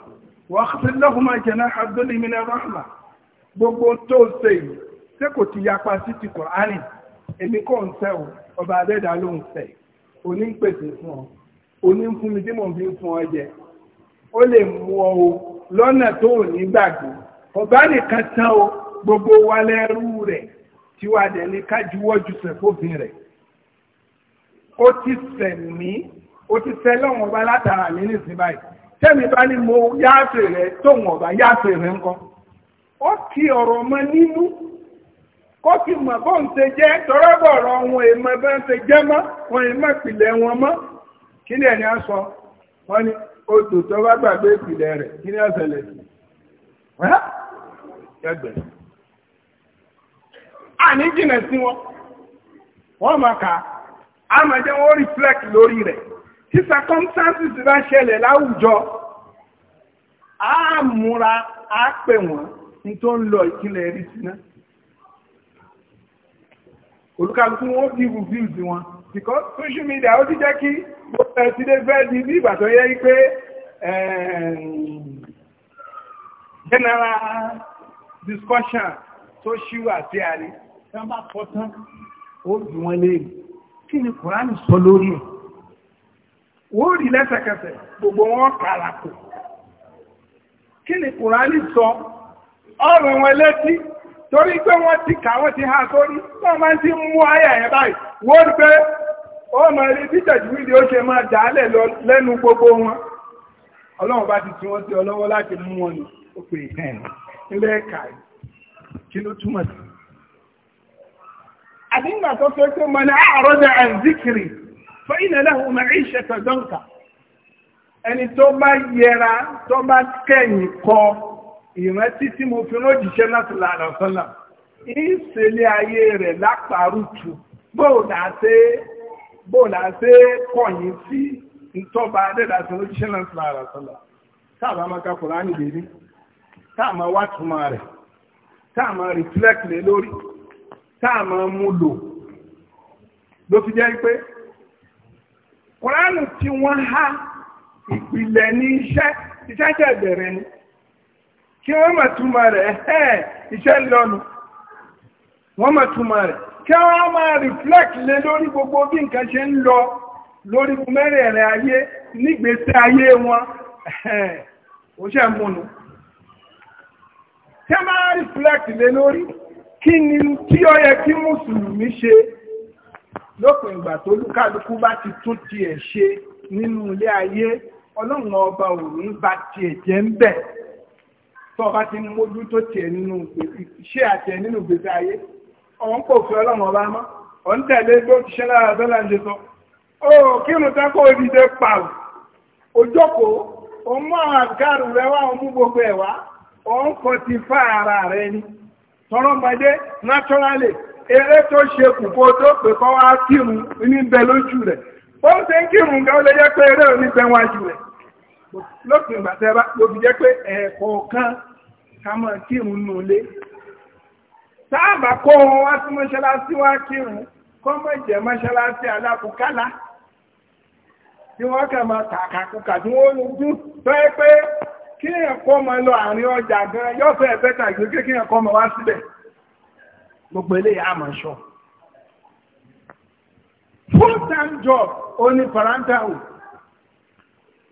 واخفض لهما جناح الذل من الرحمه gbogbo tó ṣe yìí ṣé kò ti yapa sí ti Kùránì èmi kò ń fẹ́ o ọba adẹ́dà ló ń fẹ́ òní ń pèsè fún ọ òní ń fún mi tí mò ń fi fún ọ jẹ ó lè mú ọ o lọ́nà tó ò ní gbàgbé ọba nìkan tán o gbogbo wa lẹ́rú rẹ̀ tí wàá dẹ̀ ní ká juwọ́ ju sẹ̀fófin rẹ̀ ó ti sẹ̀ mí ó ti sẹ́ lọ́wọ́n ọba látara mi nísìnyí báyìí tẹ́mi bá ní mo yáàfẹ́ rẹ̀ tóun ọba yáàfẹ́ rẹ̀ ńkọ́ ó kí ọ̀rọ̀ mọ nínú kó ti mọ̀ bó ń ṣe jẹ́ tọ́rọ́bọ̀rọ̀ wọn èèmọ̀ bá ń ṣe jẹ́ mọ́ wọn èèmọ̀ ìpìlẹ̀ wọn mọ́ kí ni ẹni á sọ wọn ni odò tó bá gbàgbé ìpìlẹ̀ rẹ̀ kí ni ọ̀sẹ̀lẹ̀ sí ẹgbẹ̀ àní jìnà sí wọn wọ́n máa kà á máa jẹ́ wọ́n reflect lórí rẹ̀ tí circumstances bá ṣẹlẹ̀ láwùjọ á múra á pè wọ́n ní tó ń lọ ìkílẹ̀ rí síná olùkàlùkù wọn bí reviews wọn because social media ó ti jẹ́ kí gbogbo ẹ̀ ti dé fẹ́ di bí ìgbà tó yẹ pé eh, general discussion tó ṣíwà sí àrí tí wọ́n bá pọ̀ tán ó bí wọ́n lè kí ni kùránì sọ lórí ẹ̀ wọ́n rí lẹ́sẹ̀kẹsẹ̀ gbogbo wọn kàràkù kí ni kùránì sọ ọrùn wọn létí torí pé wọ́n ti kà wọ́n ti ha sórí wọ́n máa ti mú àyà ẹ̀ báyìí wọ́n rí pé ó rí ṣe máa lẹ́nu gbogbo wọn ọlọ́run bá ti tún wọ́n sí ọlọ́wọ́ láti mú wọn ni ó pè hẹ́n ẹ̀ka kí ló túmọ̀ sí. àdíngbà tó fẹ́ pé mọ ní àròjà àǹzíkiri fún ìnẹ̀lẹ̀ ìrántí tí mo fi rójìṣẹ́ láti lára sọ́là ìṣẹ̀lẹ̀ ayé rẹ̀ lápárùtù bóòlà ṣe kọ̀yìn sí ìtọ́ba adẹ́dà tí rójìṣẹ́ láti lára sọ́là táàbà máa ka Kùránì lérí táàmà wá túmọ̀ rẹ̀ táàmà reflect lé lórí táàmà mú lò ló fi jẹ́ pé Kùránì tí wọ́n há ìpìlẹ̀ ní iṣẹ́ iṣẹ́ jẹ́ bẹ̀rẹ̀ ni kí wọ́n mọ̀ túmọ̀ rẹ̀ ẹ̀ iṣẹ́ lọ́nu wọ́n mọ̀ túmọ̀ rẹ̀ kí wọ́n máa reflect lé lórí gbogbo bí nǹkan ṣe ń lọ lórí mẹ́rẹ̀ẹ̀rẹ̀ ayé nígbèsè ayé wọn ó ṣe múnu kí wọ́n máa reflect lé lórí kí ni kí ó yẹ kí mùsùlùmí ṣe lópin ìgbà tó lúkálukú bá ti tún tiẹ̀ ṣe nínú ilé ayé ọlọ́run ọba òun bá tiẹ̀ jẹ́ ń bẹ̀ tó ọba ti ń mójú tó tiẹ̀ nínú ṣé àtiẹ̀ nínú gbèsè ayé ọ̀hún kò fi ọlọ́run ọba mọ́ ọ̀hún tẹ̀lé gbé òṣìṣẹ́ lára dọ́là ń ṣe sọ ó kírun tán kó dìde pààrọ̀ òjòkó òun mú àwọn àdìkárù rẹ wá òun mú gbogbo ẹ̀ wá òun kò ti fá ara rẹ ni tọrọmọdé naturally eré tó ṣe kù kó tó pè kọ́ wá kírun ní bẹ lójú rẹ̀ ó ń ṣe kírun gan ó lè jẹ́ pé eré ò ní bẹ wájú rẹ̀ lópin ìgbà tẹ́ bá lóbi jẹ́ pé ẹ̀ẹ̀kọ̀ọ̀kan ká mọ̀ kírun nù lé sáàbà kó wọn wá sí mọ́ṣálásí wá kírun kọ́ alákùnkálá tí wọ́n kà máa kàkàkùkà tí wọ́n ń dún pé kí ẹ̀kọ́ ọmọ lọ àárín ọjà gan yóò fẹ́ ẹ̀fẹ́ kí ẹ̀kọ́ wá síbẹ̀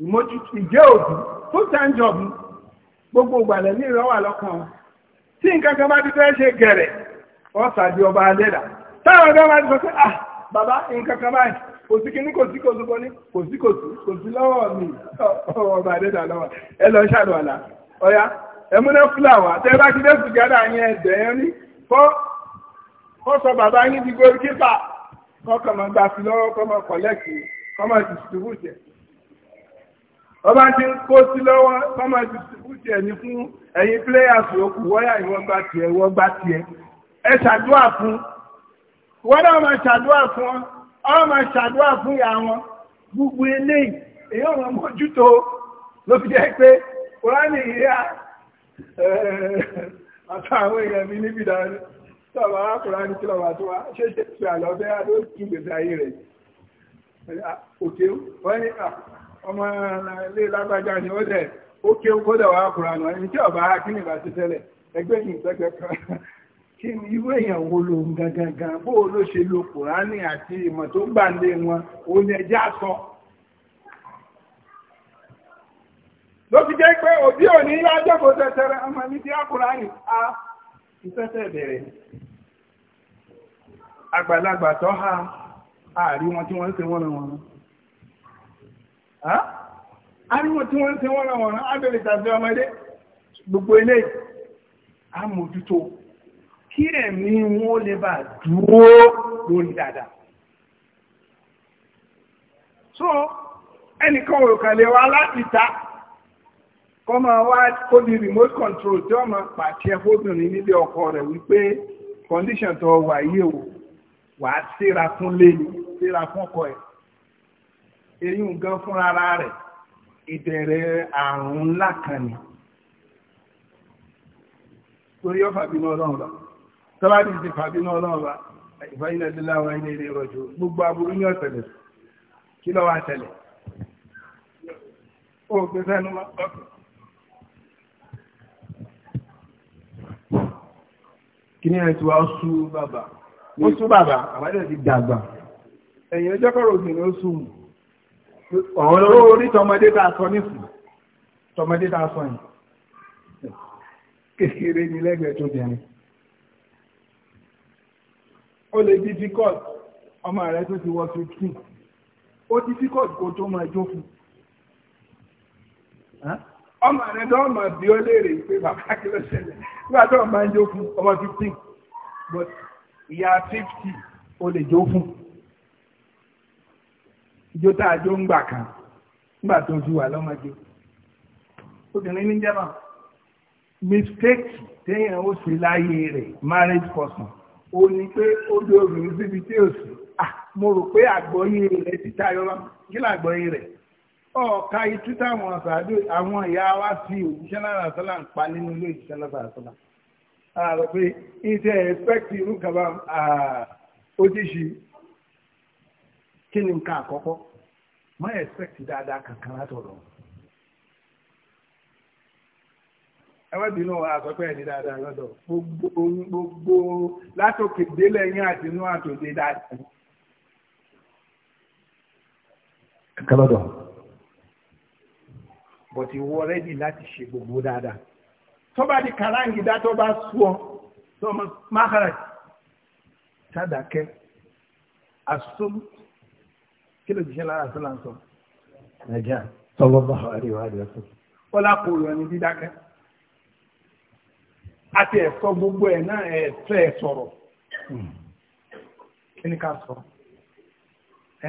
ìmójútó ìjẹ́ òbí full time job gbogbo ìgbàlẹ̀ ní ìrọ́wà lọ́kàn wọn tí nǹkan kan bá ti fẹ́ ṣe gẹ̀rẹ̀ wọ́n sàdí ọba alẹ́dà táwọn ọ̀dọ́ bá ti sọ pé ah bàbá nǹkan kan báyìí kò sí kíní kò sí kò sí kò ní kò sí kò sí kò sí lọ́wọ́ mi ọba alẹ́dà lọ́wọ́ ẹ lọ ṣàlùwàlà ọ̀yá ẹ múná fúláwà tẹ́ bá ti dẹ́sù gádà yẹn ẹ̀dẹ̀ yẹn ní kọ́ kọ́ sọ bàbá yín di goalkeeper kọ́ kọ́ máa gbà fi lọ́wọ́ kọ́ máa kọ̀lẹ́kì kọ́ máa distribute ọba ti ń kó sí lọ́wọ́ sọ́mọ ti sùkúùtì ẹ̀ ní fún ẹ̀yin players òkú wọ́yà ìwọ́n gbá tiẹ̀ wọ́n gbá tiẹ̀ ẹ ṣàdúrà fún wọ́n náà máa ṣàdúrà fún wọn ọ́n máa ṣàdúrà fún ìyá wọn gbogbo eléyìí èyí ọ̀rọ̀ mójútó ló fi jẹ́ pé kúránì ìyá àtàwọn èèyàn mi níbi dáadáa sọ̀rọ̀ arákùnrin ní kílọ̀ wà tó wá ṣe ṣe ṣe àlọ́ bẹ́ẹ̀ ló tún gbèsè ayé rẹ̀ ọmọ ilé ala ni ó dẹ̀ ó ké ó kódà wà ákùrà ọba kí ni ti tẹ́lẹ̀ ẹgbẹ́ yìí kan kí ni irú èèyàn wo lo gangan bó ló ṣe lo kùránì àti ìmọ̀ tó gbà lé wọn ó ní ẹjẹ́ àsọ. ló fi jẹ́ pé òbí òní ọmọ ní ti a ìfẹ́sẹ̀ bẹ̀rẹ̀ àgbàlagbà ha wọn tí wọ́n ariwo tí wọ́n tí wọ́n ràwọ̀n ábẹ̀rẹ̀ tàbí ọmọdé gbogbo ilé àmójútó kí ẹ̀mí wọn lè bá dúró lórí dáadáa so ẹnìkan òrùkàlẹ̀ wa láti ta kọ́ máa wá kó di remote control tí wọ́n máa pàṣẹ fóbìnrin nílé ọkọ rẹ̀ wípé condition tó wà yìí o wà á síra fún lé síra fún ọkọ eyín gan fúnra rẹ̀ ìbẹ̀rẹ̀ àrùn ńlá kan ni torí ó fàbínú ọlọ́run lọ tọ́lá ti ti fàbínú ọlọ́run lọ ìfàyínà tí láwọn ilé ilé rọ̀jò gbogbo aburú ní ọ̀tẹ̀lẹ̀ kí ló wá tẹ̀lẹ̀ ó gbé sẹ́nu mọ́ kí ni ẹ̀tù wa ó sú bàbá ó sú bàbá àbájẹ́ ti dàgbà ẹ̀yìn ọjọ́ kọ́rọ̀ òsì ni ó sú mu ọ̀rọ̀ orí tọmọdé tàà sọ nífù tọmọdé tàà sọ yìí kékeré ní lẹ́gbẹ̀ẹ́ tó bẹ̀rẹ̀ ó lè difficult ọmọ rẹ̀ tó ti wọ 15 ó difficult kó tó máa jó fún ọmọ rẹ̀ tó ọmọ bí ó léèrè pé bàbá kí ló ṣẹlẹ̀ nígbà tó ọmọ jó fún ọmọ 15 but ìyá 50 ó lè jó fún ìjó tá a jó ń gbà kan nígbà tó fi wà lọ́mọdé obìnrin ní jẹ́mà mistake téèyàn ó sì láyé rẹ̀ marriage person ó ní pé ó dé obìnrin síbi tí ó sì ah, mo rò pé àgbọ́yé rẹ̀ ti tayọ lọ kí làgbọ́yé rẹ̀ ọ̀ka itú táwọn àṣàdó àwọn ìyá wa fi òjíṣẹ́ náírà sọ́là ń pa nínú ilé òjíṣẹ́ náírà sọ́là àrò pé iṣẹ́ expect irú kan bá kí ni àkọ́kọ́ má expect dáadáa kankan látọ̀dọ̀ ẹwà bínú àkọ́kọ́ ẹni dáadáa lọ́dọ̀ gbogbo látòkè délẹ̀ yín àti inú àtòdé dáadáa. kankan lọ́dọ̀ but ìwọ rẹ́dì láti ṣe gbogbo dáadáa tó bá di kàráǹgídá tó bá sú ọ tó máa kàrà sádàkẹ́ asúmù. kí ló jíṣẹ́ lára tó là ń sọ nàìjíríà sallallahu alaihi wa sallam ó lápò òyò ní dídákẹ́ àti ẹ̀sọ́ gbogbo ẹ̀ náà ẹ̀ẹ́sọ́ ẹ̀ sọ̀rọ̀ kí ni ká sọ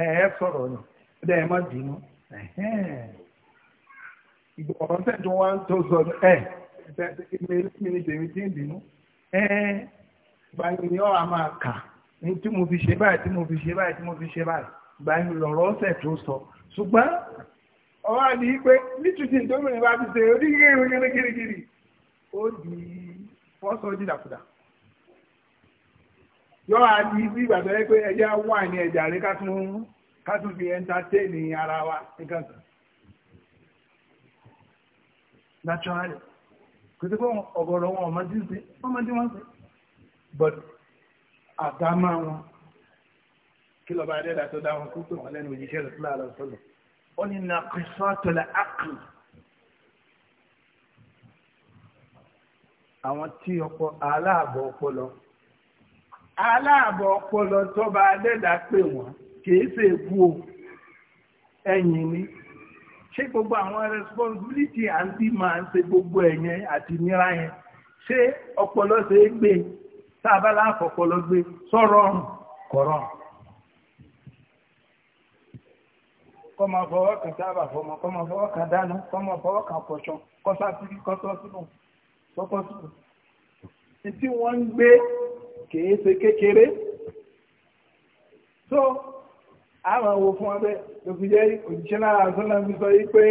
ẹ̀ẹ́ sọ̀rọ̀ ni ó dẹ̀ ẹ̀ má bínú ìgbọ̀ràn tẹ̀tún wá ń tó sọ ẹ̀ gbàyìn lọ̀rọ̀ ọ̀sẹ̀ tó sọ ṣùgbọ́n ọwọ́ àdìyí pé nítùtì tómìnrin bá ti ṣe oríire ìròyìn ó di fọ́sọ̀ dídàkudà yọ àdìyí bí ìgbà tó pé ẹja wà ní ẹja rẹ fi ara wa nǹkan kan kò sí pé wọn ọmọdé wọn but àdámá wọn. kí lọ́ba adẹ́dà tó dá wọn kó pè wọ́n lẹ́nu òjíṣẹ́ rẹ̀ sílá àlọ́ sọ́lọ̀ ó ní naqisatul aql àwọn tí ọpọ aláàbọ̀ ọpọlọ aláàbọ̀ ọpọlọ tọ́ba adẹ́dà pè wọ́n kìí ṣe èkú o ẹ̀yìn ni ṣé gbogbo àwọn responsibility à ń bí máa ń ṣe gbogbo ẹ̀yẹn àti nira yẹn ṣé ọpọlọ ṣe é gbé tá a bá láàfọ̀ ọpọlọ gbé sọ̀rọ̀ ọ̀rùn kọ̀rọ̀ ọ̀rùn. kọ́ máa fọwọ́ kan sábà fọmọ kọ́ máa fọwọ́ kan dáná kọ́ máa fọwọ́ kan pọ̀ṣọ kọ́ sátìrí kọ́ tọ́sùnù tọ́kọ́ sùnù. tí wọ́n ń gbé kìí ṣe kékeré so àwọn wo fún ọbẹ̀ ló fi jẹ́ òjíṣẹ́ lára àtúnlá fi sọ yìí pé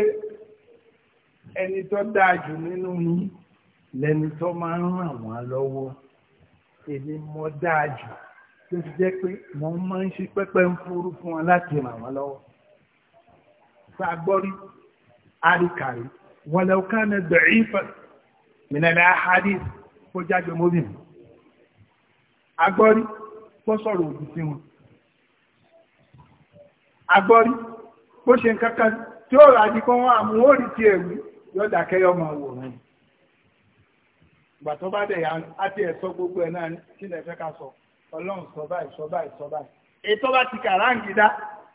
ẹni tó dáa jù nínú yín lẹni tó máa ń ràn wọ́n lọ́wọ́ èmi mo dáa jù tó fi jẹ́ pé mo máa ń ṣe pẹ́pẹ́ ń fúru fún wọn láti ràn wọ́n lọ́wọ́ sàgbọ́rí àríkàrí wọn lẹ́wọ́ ká ní bẹ̀rẹ̀ ìfẹ́ mìnàlẹ́ àhádì kó jáde mọ́bìn agbọ́rí kó sọ̀rọ̀ òbí sí wọn agbọ́rí kó ṣe kankan tí ó rà ní kó wọn àmú ó rí ti ẹ̀rú yọ̀dà kẹyọ máa wò wọn ìgbà tó bá dẹ̀ yà á ti ẹ̀ sọ gbogbo ẹ̀ náà kí lẹ̀ fẹ́ ká sọ ọlọ́run sọ báyìí sọ báyìí sọ báyìí ètò bá ti kàráǹgídá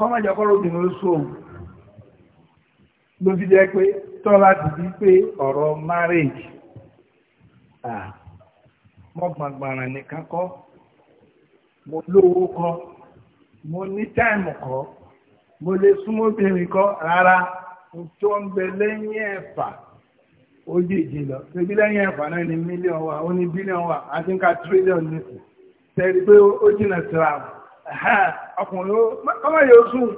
kọ́mọ̀jọ́kọ́rọ̀ obìnrin ó ló fi jẹ́ pé tọ́ láti bí pé ọ̀rọ̀ marriage mọ́gbàgbàrà nìkan kọ́ mo lówó kọ́ mo ní táìmù kọ́ mo lè súnmọ́ obìnrin kọ́ rárá tó ń bẹ lẹ́yìn ẹ̀fà ó lè lọ ṣebí lẹ́yìn ẹ̀fà náà ní mílíọ̀n wà ó ní bílíọ̀n wà tírílíọ̀n nìkan ọkùnrin ọmọ yóò sùn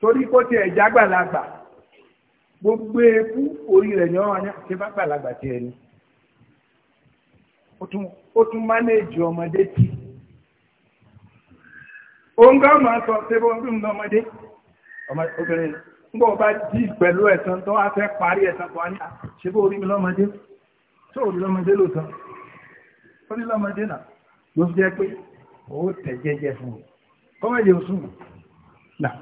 torí kó tiẹ̀ já gbàlagbà gbogbo eku orí rẹ̀ ni wọ́n wá ní àti bá gbàlagbà tiẹ̀ ni ó tún mánéèjì ọmọdé tì òun gan máa sọ pé bó ń bí ọmọdé obìnrin nígbà wọ́n bá dí pẹ̀lú ẹ̀sán tó wá fẹ́ parí ẹ̀sán kan ní ṣe bó orí mi lọ́mọdé tó orí lọ́mọdé lò tán orí lọ́mọdé náà ló fi jẹ́ pé ó tẹ̀ jẹ́jẹ́ fún kọ́mẹ̀lì oṣù náà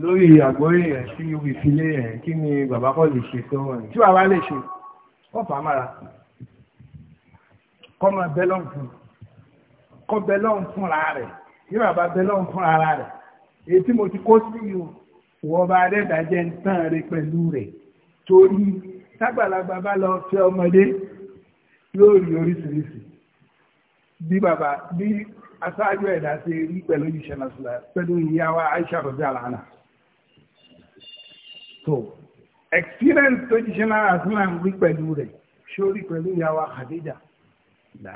lórí àgbórí ẹ̀ sí ibi ìfilé ẹ̀ kí ni bàbá kọ́ lè ṣe tó wọ̀nyí tí bàbá lè ṣe wọ́n fà á mára kọ́mọ bẹ́lọ́n fún kọ́ bẹ́lọ́n fúnra rẹ̀ kí bàbá bẹ́lọ́n fúnra rẹ̀ èyí tí mo ti kó sí yìí wọ́n bá dẹ́dàjẹ́ ń tán rẹ pẹ̀lú rẹ̀ torí tágbàlagbà bá lọ fẹ́ ọmọdé lórí oríṣiríṣi bí bàbá bí aṣáájú ẹ̀dá ṣe rí pẹ̀lú ìṣẹ̀lẹ̀ ṣùlá pẹ̀lú ìyá Aisha rọ̀bí so experience tó jíṣẹ́ náà ṣùlá ń rí pẹ̀lú rẹ̀ ṣórí pẹ̀lú ìyá wa dá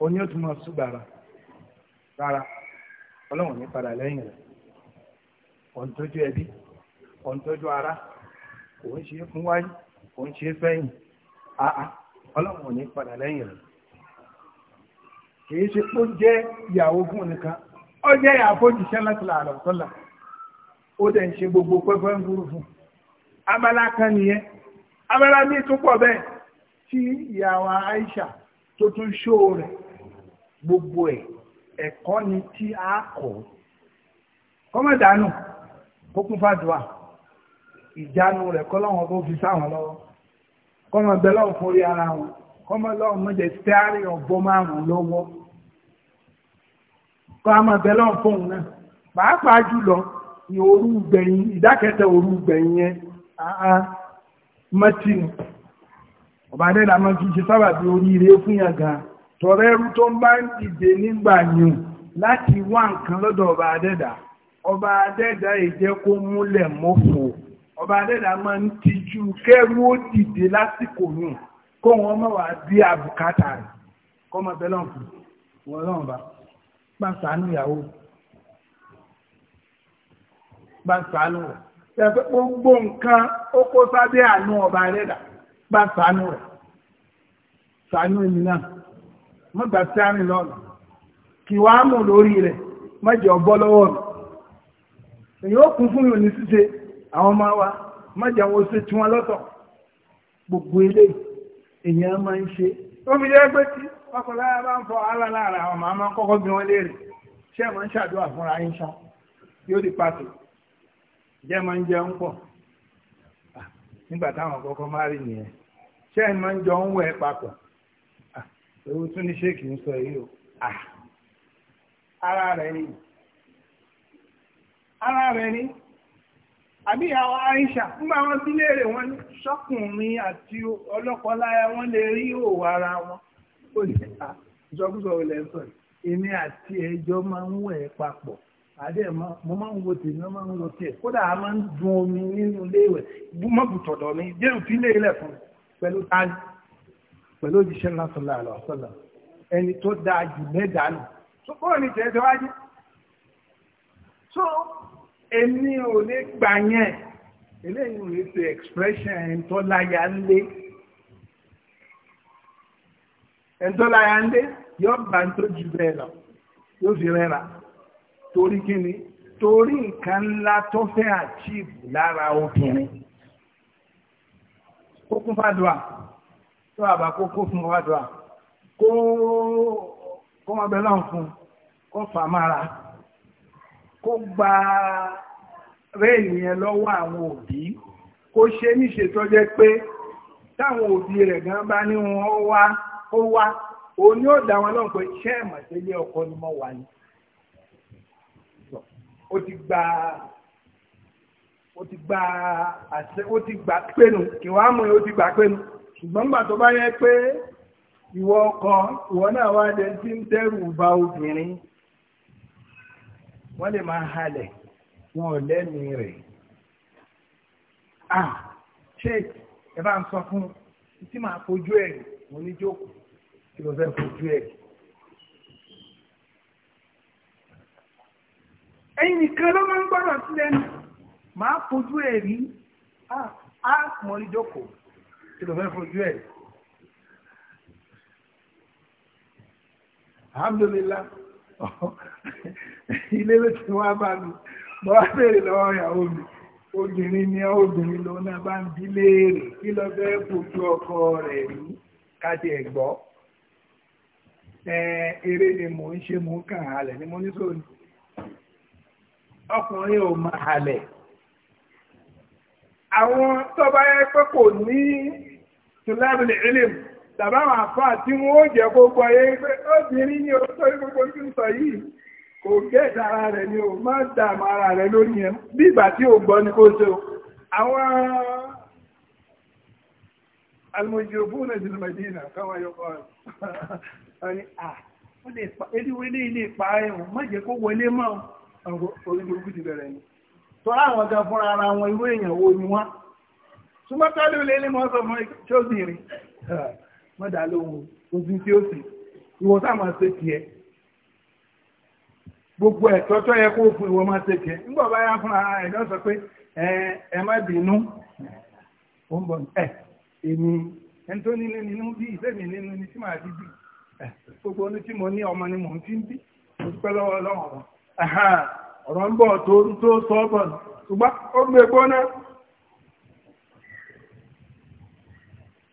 oní tún máa súgbàrà rárá ọlọ́run ní padà lẹ́yìn rẹ̀ ọ̀ǹtọ́jú ẹbí ọ̀ǹtọ́jú ara kò ń ṣe fún wáyé kò ń ṣe fẹ́yìn ọlọ́run ò ní padà lẹ́yìn rẹ̀ kìí ṣe pé ó jẹ́ ìyàwó fún nìkan ó jẹ́ ìyàwó jíṣẹ́ láti làárọ̀ sọ́là ó dẹ̀ ń ṣe gbogbo pẹ́pẹ́ ń burú fún abala kan nìyẹn abala míì tún pọ̀ bẹ́ẹ̀ tí ìyàwó Aisha tó tún ṣó rẹ̀ gbogbo ẹ̀ ẹ̀kọ́ ni tí a kọ̀ kọ́mọ̀dánù kó kún fàdùà ìjánu rẹ̀ kọ́lọ́wọ́n tó fi sáwọn lọ́wọ́. kọ́mọ bẹ́lọ́ forí ara wọn kọ́mọ lọ́wọ́ mọ́jẹ tíárì ọ̀bọ márùn-ún lọ́wọ́ kọ́mọ bẹ́lọ́ náà pàápàá jùlọ ní òru gbẹ̀yìn ìdákẹ́tẹ̀ òru gbẹ̀yìn yẹn àá ọba máa fi ṣe oríire fún yàn gan tọrọ ẹrú tó ń bá ìdè nígbà yùn láti wá nǹkan ọba ọba ọba adẹ́dà máa ń tijú kẹ́rù ó dìde lásìkò náà kó wọn mọ̀ wá bí àbùkátà rẹ̀ kọ́ mọ bẹ́ẹ̀ lọ́nkù wọn lọ́n bá bá sànú ìyàwó bá sànú rẹ̀ ẹ̀fẹ́ gbogbo nǹkan ó kó sábẹ́ àánú ọba adẹ́dà bá sànú rẹ̀ sànú èmi náà mọ́ gbà sí àárín lọ́nà kì wá mú lórí rẹ̀ mọ́jọ bọ́ lọ́wọ́ mi èyí ó kún fún yòó ní ṣíṣe àwọn ọmọ wa mọ́jà wọn sí tí wọ́n lọ́tọ̀ gbogbo ilé èèyàn máa ń ṣe ó fi jẹ́ pé tí ọkọ̀láyà bá ń fọ ara lára àwọn màmá kọ́kọ́ bí wọ́n léèrè ṣé máa ń ṣàdúrà fúnra yín ṣá yóò di pàtó jẹ́ máa ń jẹun pọ̀ nígbà táwọn kọ́kọ́ máa rí nìyẹn ṣé máa ń jọ ń wẹ̀ papọ̀ ewu tún ní ṣéèkì ń sọ yìí o ara rẹ̀ ni ara rẹ̀ ni àbí àwọn Aisha nígbà wọn sí léèrè wọn ṣọkùnrin àti ọlọ́kọláya wọn lè rí òwò ara wọn ó ní ìṣọkúsọ olè ń sọ èmi àti ẹjọ́ máa ń wẹ̀ papọ̀ àdé mo máa ń wo tèmi mo máa ń wo tiẹ̀ kódà a máa ń dun omi nínú ilé ìwẹ̀ mọ́bùtọ̀dọ̀ mi jẹ́ òfin lé ilẹ̀ fún pẹ̀lú táyì pẹ̀lú òjíṣẹ́ ńlá sọ̀lá ẹni tó dáa jù mẹ́ta nù. sọ́kọ́ ni tẹ̀síwájú èmi ò lè gbà yẹn eléyìí ò ṣe expression ẹ̀ńtọ́láyà ńlé ẹ̀ńtọ́láyà ńlé yóò bá ń tó jù bẹ́ẹ̀ lọ yóò fi rẹ́ra torí kíni torí nǹkan ńlá tó fẹ́ achieve lára obìnrin kó kún fàdùà tó àbá kó fún fàdùà kó kó wọn bẹ lọ́n fún kó fà mára kó gba réèlì yẹn lọ́wọ́ àwọn òbí kó ṣe níṣe tó jẹ́ pé táwọn òbí rẹ̀ gan bá ní wọn ó wá ó wá òun ni ó dá wọn lọ́hùn pé ṣé ẹ̀ mọ̀tẹ́lẹ̀ ọkọ ni mo wà ní. ó ti gba àṣẹ ó ti gbà pénu kí wọ́n á mú ó ti gbà pénu ṣùgbọ́n gbà tó bá yẹ pé ìwọ ọkọ ìwọ náà wá dé tí ń tẹ́rù ba obìnrin wọ́n lè máa halẹ̀ wọn ò lẹ́mìí rẹ̀ ah ṣé ẹ bá ń sọ fún tí màá fojú ẹ̀ mo ní jókòó kí ló fẹ́ fojú ẹ̀. ẹ̀yin nìkan ló máa ń gbọ́dọ̀ sílẹ̀ nù màá fojú ẹ̀ rí ah, á mo ní jókòó kí ló fẹ́ fojú ẹ̀. alhamdulilayi. <laughs> ilé ló ti wá bá mi mo wá béèrè lọ́wọ́ ìyàwó mi obìnrin ni obìnrin lòun náà bá ń bi léèrè kí ló fẹ́ fojú ọkọ rẹ̀ rí káti ẹ̀ gbọ́ eré ni mò ń ṣe mò ń kàn halẹ̀ ni mo ní sóòní ọkùnrin ò mọ halẹ̀ àwọn tó bá pé kò ní tùlábìlì ìlèmù tàbáwọn àfà tí wọ́n ó jẹ́ kó gbọ́ yé pé obìnrin ni ó tó gbogbo tí ń sọ yìí kò gẹ́ẹ̀dà ara rẹ̀ ni ó má dààmú ara rẹ̀ lórí yẹn bí ìgbà tí ò gbọ́ ni kó ṣe o àwọn almojibun ìjìnlẹ̀ Medina káwọn yọkọ̀ ọ̀rẹ́ ẹ̀díwẹ́lé ilé ìpa ẹ̀wọ̀n má jẹ́ kó wọlé mọ́ orí burúkú mọ́dà lóhun ojú tí ó sì ìwọ sáà máa ṣe tiẹ̀ gbogbo ẹ̀tọ́ tó yẹ kó fún ìwọ máa ṣe tiẹ̀ nígbà bá fún ara ẹ̀ lọ pé ẹ má bínú ó ń bọ̀ èmi ẹni tó nílé nínú bí ìsẹ́mi nínú ni tí màá fi bì gbogbo ní tí mo ní ọmọ ni mò ń ń mo dúpẹ́ lọ́wọ́ ọlọ́run ọ̀rọ̀ ń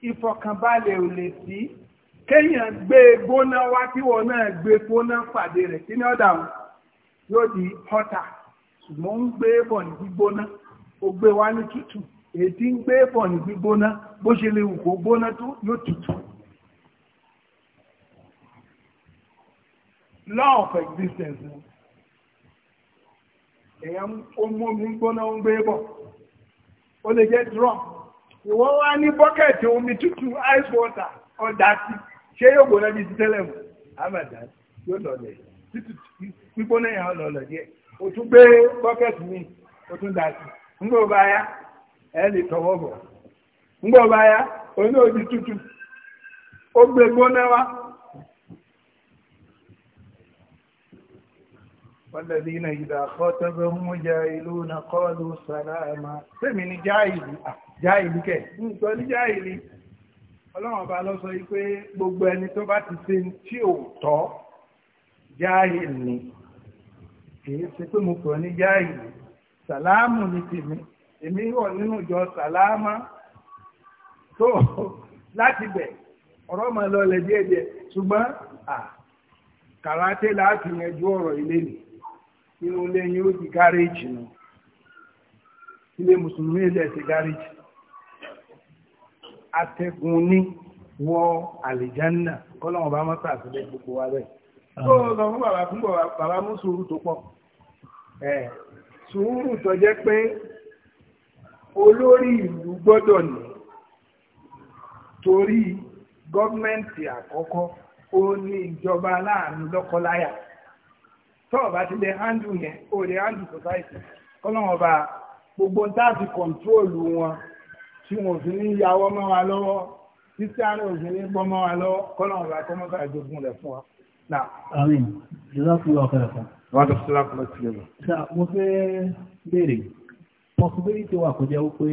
ìfọ̀kànbalẹ̀ ò lè sí kéèyàn gbé gbóná wá tí wọn náà gbé gbóná pàdé rẹ̀ kí ni ọ̀dà wọn yóò di họ́tà ṣùgbọ́n ń gbé bọ̀ ní gbígbóná ó gbé wá ní tútù èdí ń gbé bọ̀ ní gbígbóná bó ṣe lè wù kó gbóná tó yóò tútù. law of existence èèyàn ó mú omi gbóná ń gbé bọ̀ ó lè jẹ́ drum ìwọ́n wá ní bọ́kẹ̀tì omi tútù ice water ọ̀dà sí ṣé yóò gbóná bí ti mọ́ amada yóò lọlẹ̀ títù yẹn lọlẹ̀ díẹ̀ o tún gbé bọ́kẹ̀tì mi o tún dà sí ńgbò bá yá ẹ lè tọwọ́ bọ̀ ńgbò bá yá oní òdi tútù ó gbé gbóná wá والذين إذا خاطبهم جاهلون قالوا سلاما فمن jáìlì jáìlì kẹ̀ nítorí ní jáìlì ọlọ́run ọba lọ sọ pé gbogbo ẹni tó bá ti ṣe tí ò tọ́ jáìlì kìí ṣe pé mo pọ̀ ní jáìlì sàlámù ní tèmi èmi wọ̀ nínú ìjọ sàlámà tó láti bẹ̀ ọ̀rọ̀ máa lọ lẹ̀ díẹ̀díẹ̀ ṣùgbọ́n kàràtẹ́ láti yanjú ọ̀rọ̀ ilé nìí inú ilé yín ó di gáréèjì nù ilé mùsùlùmí ilẹ̀ ti gáréèjì atẹ́gùn ní wọ àlìjánà kọ́lọ́wọ́n bá mọ́ta àtúndẹ̀ gbogbo wa bẹ́ẹ̀. tó o sọ fún bàbá fún bàbá mú sùúrù tó pọ̀ ẹ̀ sùúrù tó jẹ́ pé olórí ìlú gbọ́dọ̀ ní torí gọ́ọ̀mẹ̀ntì àkọ́kọ́ ó ní ìjọba aláàánú lọ́kọ́láyà tọ́ọ̀bá ti lè handle yẹn o lè handle society kọ́lọ́wọ́n ọba gbogbo ń táàfi kọ̀ǹtróòlù wọn tí wọn ò fi ní yàwọ́ mọ́ wa lọ́wọ́ kristiani ò fi ní gbọ́ mọ́ wa lọ́wọ́ kọ́lọ́wọ́n ọba kọ́ mọ́ta ìjogún rẹ̀ fún wa. àmín jùlọ́kùnrin ọ̀kẹ́ rẹ̀ kan. wọ́n tó fi lápò sí i lọ. mo fẹ́ béèrè possibility wà kó jẹ́ wípé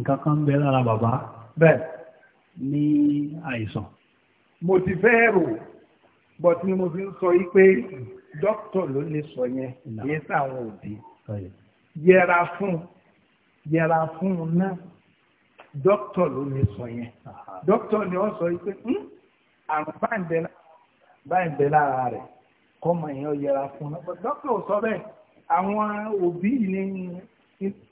nǹkan kan ń bẹ lára bàbá bẹ́ẹ̀ ní àìsàn. mo ti fẹ́ rò but ni mo fi ń sọ yí pé dókítà ló lè sọ yẹn kì í sáwọn òbí yẹra fún yẹra fún un náà dókítà ló lè sọ yẹn dókítà ni ó sọ yí pé hmm, àrùn báyìí bẹ lára rẹ̀ kọ́mọ èèyàn yẹra fún un náà dókítà ò sọ bẹ́ẹ̀ àwọn òbí ni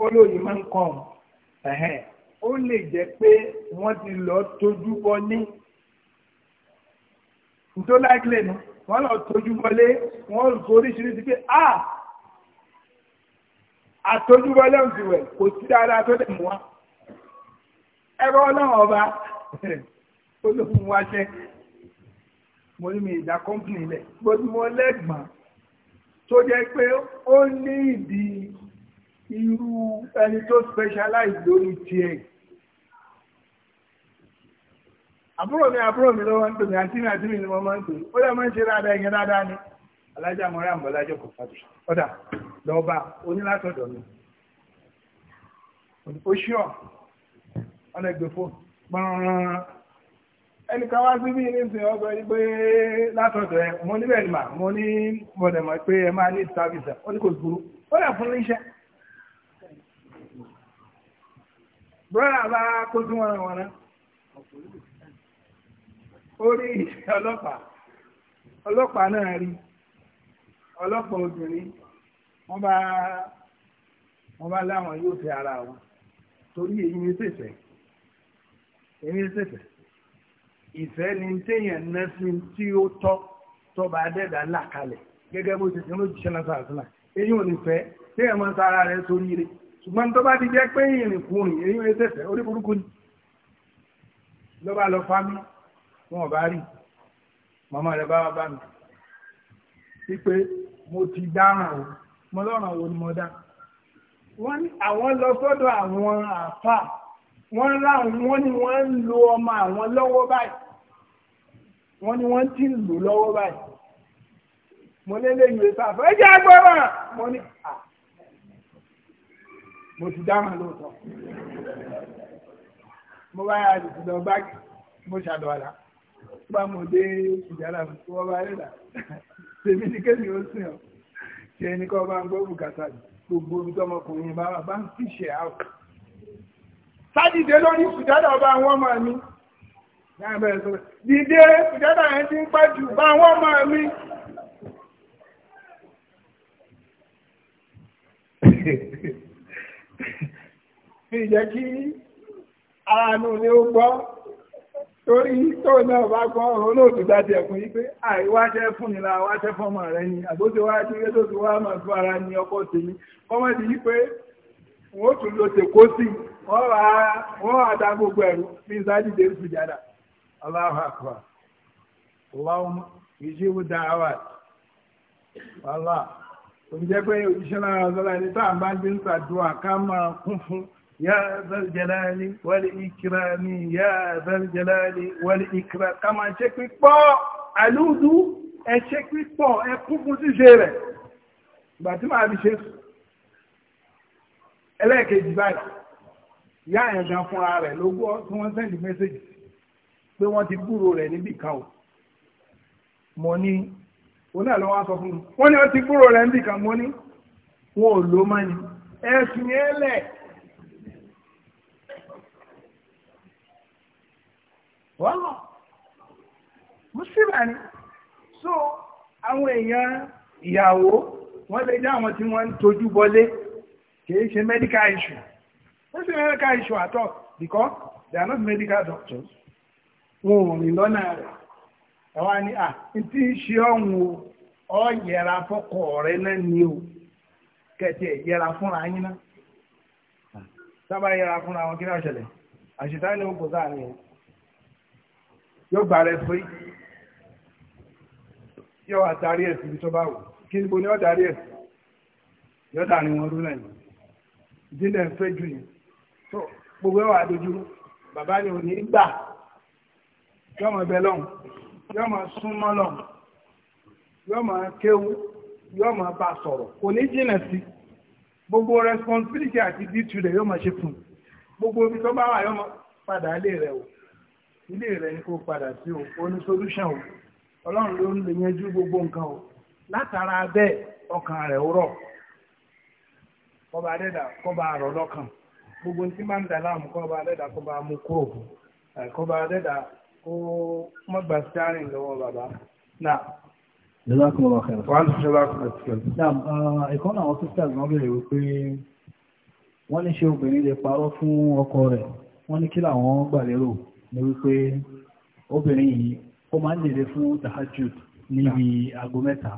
olóyè máa ń kọ́ ọ̀hún ó lè jẹ́ pé wọ́n ti lọ tójú bọ́ ní tó láìkílẹ̀ nù wọ́n lọ tójú wọlé wọ́n kó oríṣiríṣi pé a àtójú wọlé ń ti wẹ̀ kò sí dáadáa tó lè mú wa ẹ̀rọ ọlọ́run ọba olóhùn <laughs> wa ṣẹ́ mo ní mi ìdá kọ́mpìnì lẹ̀ gbọ́dúmọ́ lẹ́gbọ̀n tó jẹ́ pé ó ní ìdí irú ẹni tó specialize lórí tiẹ̀ àbúrò mi àbúrò mi lọ́wọ́ ń pè mí àti mi àti mi ni wọ́n máa ń pè ó dà máa ń ṣe dáadáa ìyẹn dáadáa ni alájà mọ́ra ń bọ̀lájọ́ kò fàdé ọ̀dà lọ́ba onílátọ̀dọ̀ mi ó ṣíọ̀ ọ̀nà ìgbèfó gbọ̀nrán ẹni ká wá sí bí ní sin ọgbẹ́ yí pé látọ̀dọ̀ ẹ mo ní bẹ́ẹ̀ mà mo ní mọ̀dẹ̀mọ̀ pé ẹ máa ní sáfìsì ó ní kò burú ó dà fún iṣẹ́ bọ́lá bá kó sí wọn wọn náà ó rí ìṣẹ́ ọlọ́pàá ọlọ́pàá náà rí ọlọ́pàá obìnrin wọ́n bá wọ́n bá láwọn yóò fẹ́ ara wọn torí èyí ní sèfẹ́ èyí ní sèfẹ́ ìfẹ́ ni téèyàn ná sí tí ó tọ́ tọba adẹ́dà là kalẹ̀ gẹ́gẹ́ bó ti sẹ́nu jíṣẹ́ náà sọ̀rọ̀ sọ́nà èyí ò ní fẹ́ téèyàn máa ń sara rẹ̀ sórí rẹ̀ ṣùgbọ́n tó bá ti jẹ́ pé ìrìnkùnrin èyí ní sèfẹ́ orí burúkú ni lọ́ba lọ fámi wọn ò bá rí màmá rẹ̀ bá wá bá mi wípé mo ti dáràn o mo lọ́ràn wo ni mo dá wọ́n ní àwọn lọ sọ́dọ̀ àwọn àfà wọ́n láwọn wọ́n ní wọ́n ń lo ọmọ àwọn lọ́wọ́ báyìí wọ́n ní wọ́n ti ń lò lọ́wọ́ báyìí mo lélẹ̀ ìwé sáfẹ́ ẹ jẹ́ agbọ́ràn mo ní mo ti dáràn lóòótọ́ mo bá yà lọ bá mo ṣàdọ̀ bá mo dé ìjàrá mi tí wọ́n bá rí rà tèmi ní kéde ó sìn ọ́ ṣe ẹni kọ́ bá ń gbọ́ bùkátà gbogbo omi tó ọmọkùnrin bá wà bá ń fìṣẹ̀ àwọ̀. sádìdé lórí sùjádà ọba àwọn ọmọ mi dìde sùjádà yẹn ti ń pàjù bá àwọn ọmọ mi. fi <laughs> jẹ́ kí ara nù ni ó gbọ́. torí tó náà bá gbọ́ olóòtú jáde ẹ̀kùn yí pé àìwáṣẹ́ fún wáṣẹ́ fọ́mọ rẹ̀ ni àbóṣe wá sí rédò tí wá máa fún ara ní ọkọ̀ tèmi kọ́mọ̀ yi yí pé wọ́n tún lo tèkó sí wọ́n àdá gbogbo ẹ̀rú ní wàhálà pé náà ẹni à ń bá gbé ń sàdúrà ká máa kún fún يا ذا الجلال والإكرام يا ذا الجلال والإكرام كما شكوك بو ألودو أشكوك بو أكوكو سجيرة باتما أبي شيخ ẹlẹ́ẹ̀kejì báyìí yá ẹ̀gàn fúnra rẹ̀ ló gbọ́ tí wọ́n sẹ́ndì mẹ́sẹ̀jì pé wọ́n ti gbúrò rẹ̀ níbì kan o mo ní oní àlọ́ wa sọ fún mi wọ́n ní wọ́n ti gbúrò rẹ̀ níbì kan mo ní wọn ò ló mọ́ ni ẹ̀sùn yẹn wọ́lọ̀ mùsùlùmí so àwọn èèyàn ìyàwó wọ́n lè jẹ́ àwọn tí wọ́n ń tojú bọlé kìí ṣe medical issue wọ́n sì medical issue at all because they are not medical doctors wọn ò rìn lọ́nà rẹ̀ ẹ̀wá ni à ń tí ń ṣe ọ̀hún o ọ yẹra fọ́kọ rẹ náà ni o kẹtì ẹ̀ yẹra fúnra yín náà sábà yẹra fúnra wọn kí ló ṣẹlẹ̀ àṣetá ni ó kò sáà nìyẹn yóò gbà rẹ fún yóò wà darí ẹ̀ síbi tó bá wù kí níbo ni ó darí ẹ̀ yóò darí wọn rú náà ìdílé ń fẹ́ jù yìí tó gbogbo ẹwà dojú bàbá ni ò ní gbà yóò mọ ẹbẹ lọ́hùn yóò mọ súnmọ́ lọ́hùn yóò mọ kéwú yóò mọ bá sọ̀rọ̀ kò ní jìnà sí gbogbo responsibility àti duty rẹ̀ yóò mọ ṣe fún gbogbo ibi tó bá wà yóò mọ padà lé rẹ̀ o ilé rẹ̀ ní kó padà sí o ó ní solution o ọlọ́run ló ń lè yanjú gbogbo nǹkan o látara bẹ́ẹ̀ ọkàn rẹ̀ ó rọ̀ kọba adẹ́dà kọba àrọ̀ lọ́kàn gbogbo tí máa ń dà láàmú kọba adẹ́dà kọba mú kúrò kọba adẹ́dà kó mọ́gbà sáré lọ́wọ́ bàbá náà. Ìjọba kan ẹ̀kọ́ náà wọ́n sisters wọ́n bèèrè wípé wọ́n ní ṣe obìnrin lè parọ́ fún ọkọ rẹ̀ wọ́n ní kí làwọn gbà lérò ni wípé obìnrin yìí ó máa ń lèrè fún tahajud níbi aago mẹ́ta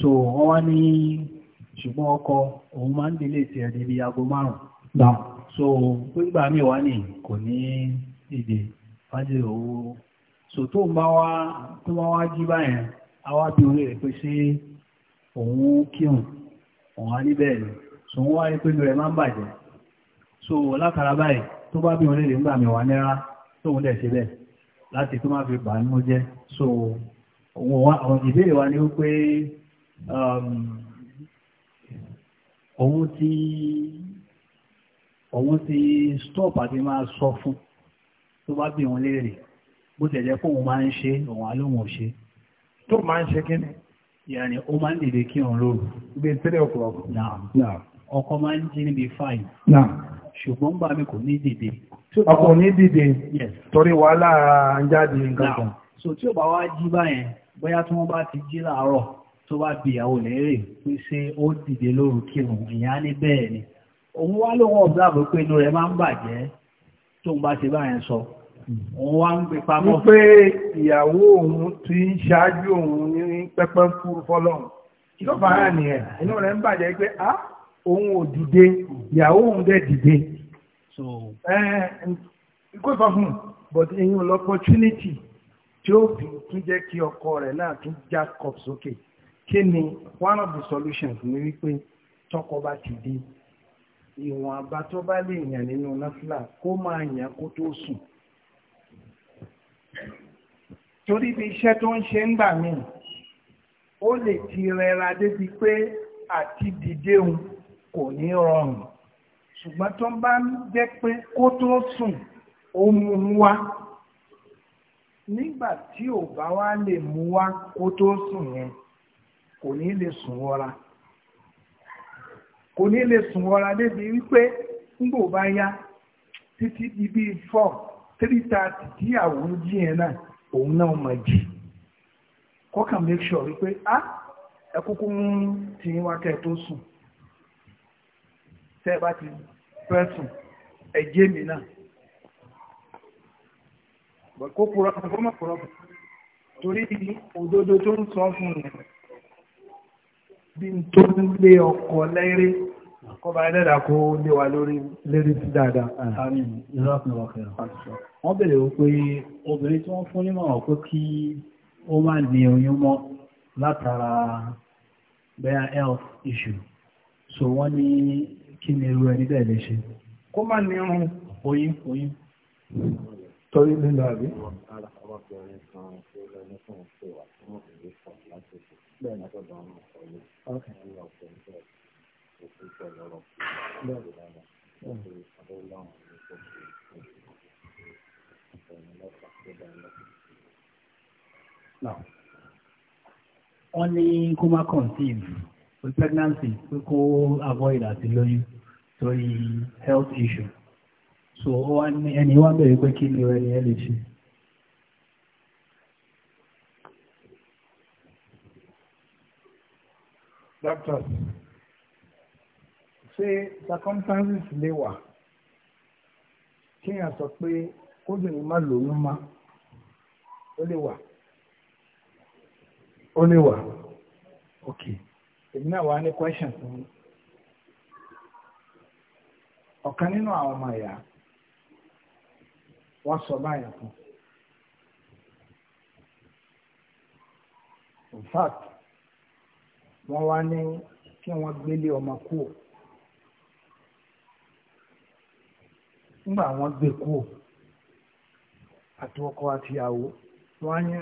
so wọ́n wá ní ṣùgbọ́n ọkọ òun máa ń délé tiẹ̀ níbi aago márùn so gbígbà mi wá ní kò ní ìdè fájì owó so tó ń bá wá tó bá wá jí báyẹn a wá bí orí pé ṣé òun ni so wọ́n wá rí pé máa ń so látara báyìí tó bá bí orí rẹ̀ ń gbà mí wá tóun dẹ̀ ṣe bẹ́ẹ̀ láti tó máa fi bà nínú jẹ́ so àwọn ìbéèrè wa ni wípé um, òun ti òun ti stop àti máa sọ fún tó bá bí òun léèrè bó tẹ̀lẹ́ kó òun máa ń ṣe òun alóhun ṣe tó máa ń ṣe kí ni yàní ó máa ń dìde kí òun lóru gbé tẹ́lẹ̀ ọ̀pọ̀lọpọ̀ ọkọ máa ń jí níbi five. náà ṣùgbọ́n gbà mí kò ní dìde. ọkọ ní dìde torí wàhálà ń jáde nǹkan kan. so tí ò bá wá jí báyẹn bóyá tí wọ́n bá ti jí láàárọ̀ tó bá bi ìyàwó lérè pé ṣé ó dìde lóru kírun ìyá ní bẹ́ẹ̀ ni òun wá lóun ọ̀bùdáàbò pé inú rẹ̀ máa ń bàjẹ́ tó ń bá ṣe báyẹn sọ òun wá ń gbé pamọ́. wípé ìyàwó òun ti ń ṣáájú òun ní pẹ́pẹ́ fúru fọ́lọ́run ló fara nìyẹn inú rẹ̀ ń bàjẹ́ pé ah òun ò dìde ìyàwó òun dẹ̀ dìde ikú ìfà fún un but ẹ̀yin lọ opportunity tí ó fi tún jẹ́ kí ọkọ rẹ̀ náà tún já cup sókè kí ni one of the solutions ni wípé tọkọ bá ti dé ìwọ̀n àbá tó bá lè yàn nínú náfìlà kó máa yàn kó tó sùn torí bí iṣẹ́ tó ń ṣe ń gbà míì ó lè ti rẹra débi pé àti dìde òun kò ní rọrùn ṣùgbọ́n tó bá ń jẹ́ pé kó tó sùn ó mú wá nígbà tí ò bá wá lè mú wá kó tó sùn yẹn kò ní lè sùn wọra kò ní lè sùn wọra débi wípé ńgbò bá yá títí di bíi four three thirty tí àwọn jí yẹn náà òun náà mà jí kọ́kà make sure wípé ah ẹ kúkú mú tiyín wá kẹ́ ẹ tó sùn. tẹ́ bá ti fẹ́ sùn ẹ̀jẹ̀ mi náà kó kúrọ̀ ọmọ kúrọ̀ torí òdodo tó ń sọ fún un bí n tó ń lé ọkọ̀ lẹ́rẹ́ kọba ẹlẹ́dà kó lé wa lórí lérí sí dáadáa àmì ìrọ́pìnlọ́ kẹrọ wọ́n bèèrè wípé obìnrin tí wọ́n fún nímọ̀ràn pé kí ó má ní oyún mọ́ látara bẹ́ẹ̀ health issue so wọ́n ní kí ni irú ẹni bẹ́ẹ̀ lè ṣe kó má ní irun oyin oyin torí lílọ àbí wọ́n ní kó má kàn sí ìlú with pregnancy we kó avoid àti lóyún torí health issue so ẹni anyone bẹ̀rẹ̀ pé kí ni ẹni ẹ lè doctors say circumstances lè wà kéèyàn sọ pé kóbìnrin má lóyún má ó lè wà ó lè wà okay èmi náà wà ní question fún mi ọ̀kan nínú àwọn ọmọ ẹ̀yà wọ́n sọ báyìí fún in fact wọ́n wá ní kí wọ́n gbélé ọmọ kúò nígbà wọ́n gbé kúò àti ọkọ àtìyàwó wọ́n ní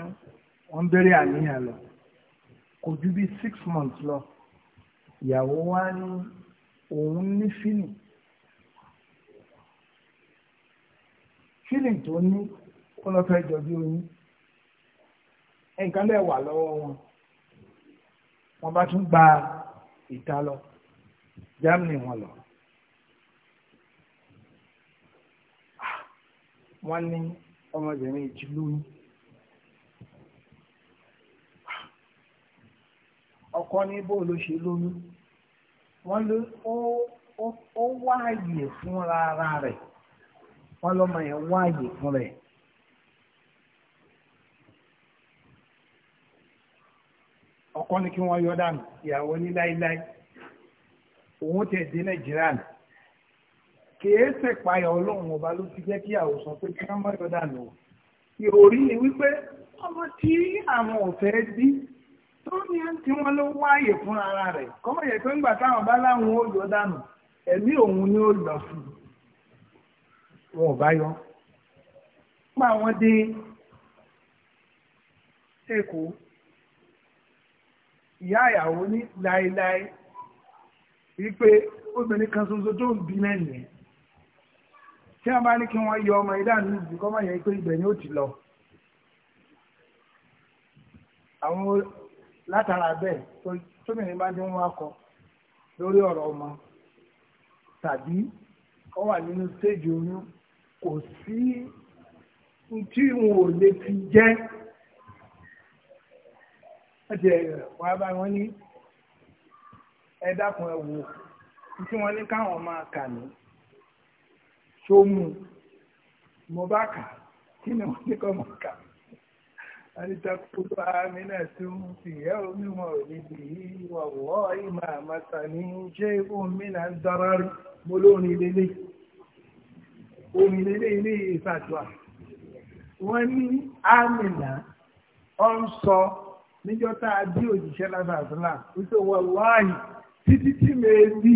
wọ́n bẹ̀rẹ̀ àníyàn lọ kò ju bí six months lọ ìyàwó wa ní òun ní fílì fílì tó ní ó lọ́ fẹ́ jọ bí oyún nǹkan lè wà lọ́wọ́ wọn wọ́n bá tún gba ìta lọ Germany wọn lọ ah, wọ́n ní ọmọbìnrin ìtìlú yìí ọkọ ní bó ló ṣe lóyún wọ́n ló ó wáàyè fúnra ara rẹ̀ wọ́n lọ́mọ yẹn wáàyè fún rẹ̀. ọkọ ní kí wọ́n yọ dànù ìyàwó ní láíláí òun tẹ̀ dé nàìjíríà nù kìí ṣèpayà ọlọ́run ọba ló ti jẹ́ kí àwọ̀ sọ pé kí wọ́n mọ̀ yọ dànù ìròrí ni wípé ọmọ tí àwọn ò fẹ́ bí tó ní tí wọ́n ló wáyè fún ara rẹ̀ kọ́mọ̀ yẹ pé ńgbà táwọn bá láwọn ó yọ dànù ẹ̀mí òun ni ó lọ fún wọn ò bá yọ. Nígbà wọn dé Èkó, ìyá ìyàwó ní láéláé wípé obìnrin kan ṣoṣo tó ń bí lẹ́yìn tí wọ́n bá ní kí wọ́n yọ ọmọ ìdáhùn ìdí kọ́mọ̀ yẹ pé ibẹ̀ ni ó ti lọ. Àwọn látara bẹ́ẹ̀ tómìnrin bá dín wọn akọ lórí ọ̀rọ̀ ọmọ tàbí ó wà nínú stéèjì oyún kò sí tí wọn ò lè fi jẹ́ ẹ̀jẹ̀ wàá bá wọn ní ẹ dákun ẹ wò tí wọ́n ní káwọn máa kà ní tó mo bá kà kí ni wọ́n ní kọ́ máa kà anitakutu amina tun fi yaumi mawlidi wallahi ma masani shay'un min ad-darar moloni lele omi lele ilé ìfàdùà wọ́n ní amina ọ ń sọ níjọ́ tá a bí òjíṣẹ́ lásàásílà wípé wallahi títí tí mi rí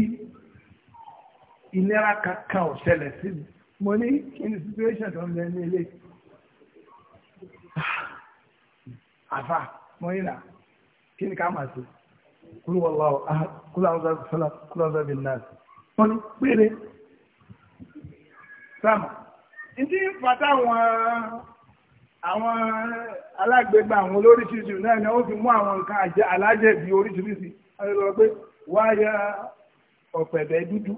ìnira kankan ò ṣẹlẹ̀ sí mi mo ní kí ni situation tó ń bẹ ní ilé àfà mọ́yìnà kí ni ká máa ṣe kúrò wọ́lá kúrò àwọn sọ́lá kúrò àwọn sọ́bìn náà wọ́n ní péré sáàmù ìdí pàtà àwọn àwọn alágbègbè àwọn olóríṣiríṣi náà ni wọ́n fi mú àwọn nǹkan alájẹ̀bi oríṣiríṣi ọlọ́rọ̀ pé wáyà ọ̀pẹ̀bẹ̀ dúdú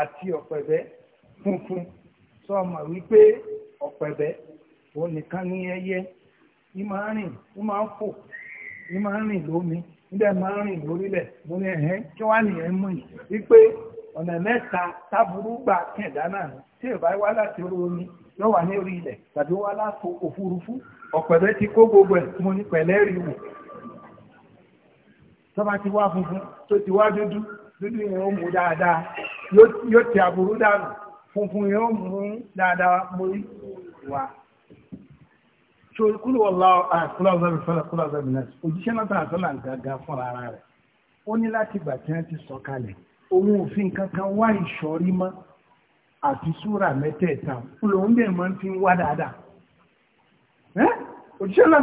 àti ọ̀pẹ̀bẹ̀ funfun sọ ma wípé ọ̀pẹ̀bẹ̀ òun nìkan ní ẹyẹ ní máa ó máa fò ní máa lómi níbẹ̀ máa rìn lórílẹ̀ mo ní ẹ̀hẹ́ kí wá nìyẹn mú yìí wípé ọ̀nà mẹ́ta táburú gbà kẹ̀dá náà tí ì wá láti orí omi yóò wà ní orí ilẹ̀ tàbí wá láti òfurufú ọ̀pẹ̀bẹ́ ti gbogbo ẹ̀ mo ní pẹ̀lẹ́ rí funfun tó ti wá dúdú dúdú yẹn ó mú dáadáa yóò funfun yẹn ó mú dáadáa mórí so kúlùwọ̀lá àkúlàwọ̀lẹ́bẹ̀ fẹ́lẹ̀ kúlàwọ̀lẹ́bẹ̀ náà òjíṣẹ́ náà gàgà ara rẹ̀ ó ní láti gbà tí wọ́n ti sọ kalẹ̀ kankan wá ìṣọ́rí mọ́ àti súra mẹ́tẹ̀ẹ̀ta dẹ̀ ń fi wá dáadáa òjíṣẹ́ náà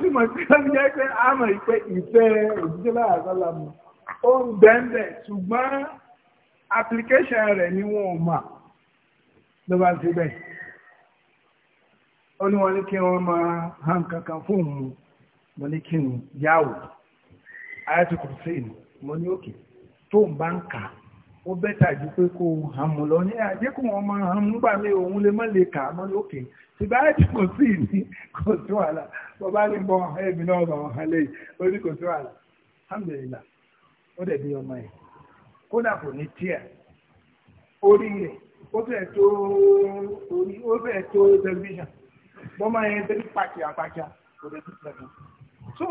fi mọ̀ sí jẹ́ pé àmọ̀ ìfẹ́ òjíṣẹ́ náà application rẹ̀ ni wọn ò mà ló bá ti bẹ̀ ó ní wọn ní kí wọn máa hàn kankan fún òun mo ní kí n yáwò ayatollah hussein mo ní òkè tó ń bá ń kà ó bẹ́tà jù pé kó hàn mú lọ ní àjẹ́ kó wọn máa hàn mú mí òun lè má lè kà mọ́ ní òkè ṣùgbọ́n ayatollah hussein ní kò sí wàhálà bọ́bá ní bọ́ ẹ̀mí náà bọ̀ hàn lẹ́yìn ó ní kò sí wàhálà alhamdulillah ó dẹ̀ bí ọmọ yẹn kódà kò ní tíà orí rẹ̀ ó fẹ́ tó orí ó fẹ́ tó tẹlifíṣàn wọ́n máa yẹn tẹ́lẹ̀ pàkì àpàkì kò lè tó tẹ̀lé. so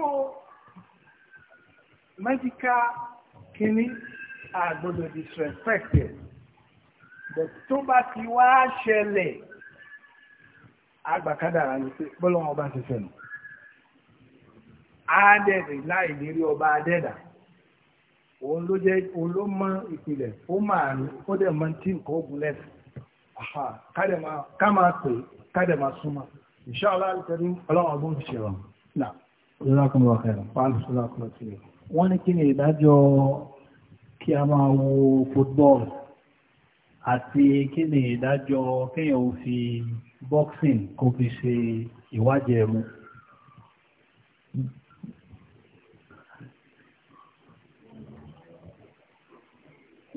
medical kìíní àgbọ̀dọ̀ disrespected but tó bá ti wá ṣẹlẹ̀ agbàkádàrà ni pé bọ́lọ́wọ́n ọba ṣẹṣẹ nù. á láì lérí ọba adẹ́dàá òun ló jẹ́ òun ló mọ ìpìlẹ̀ ó máa ní ó dẹ̀ mọ tí nǹkan ogun lẹ́sì ká máa pè ká dẹ̀ máa súnmọ́ ìṣọ́lá ìtẹ́rí ọlọ́run ọgbọ́n fi ṣèrọ̀ náà. ìlọ́kùnrin ọ̀kẹ́rọ̀ pàálù sọ́lá ọkùnrin ti rẹ̀. wọ́n ní kí ni ìdájọ́ kí a máa wo football àti kí ni ìdájọ́ kéèyàn ò fi boxing kó fi ṣe ìwádìí ẹ̀mú.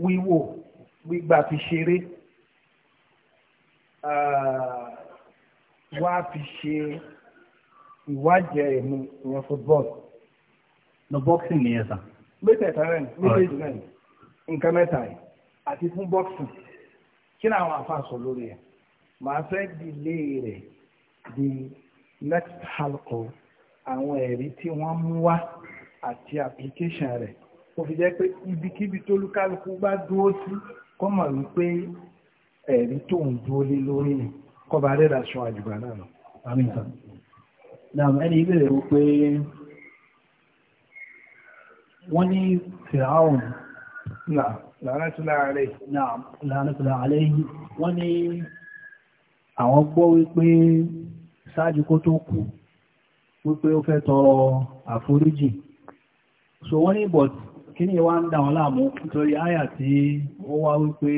wíwò gbígbà fi ṣeré wá fi ṣe ìwádìí ẹ̀mí ìyẹn football. no boxing nìyẹn sá. mẹ́tẹ̀ẹ̀ta rẹ̀ méjèèjì rẹ̀ nǹkan mẹ́ta yìí àti fún boxing kí ni àwọn afa lórí ẹ̀ màá fẹ́ dìlé rẹ̀ di next halkọ àwọn ẹ̀rí tí wọ́n mú wá àti application rẹ̀ kò fi jẹ́ pé ibikíbi tó lúkálùkù bá dúró sí kọ́ mọ̀ wípé ẹ̀rí tó ń dúró lé lórí ni kọba rẹ̀dà ṣọ àjùgbà náà lọ. amínta náà ẹni ìbéèrè wípé wọ́n ní fìràún náà lánàtúlá àlẹ́ wọ́n ní àwọn gbọ́ wípé ṣáájú kó tó kú wípé ó fẹ́ tọrọ àforíjì so wọ́n ní bọ̀tí kí ni wá ń dà wọn láàmú nítorí àyà tí ó wá wípé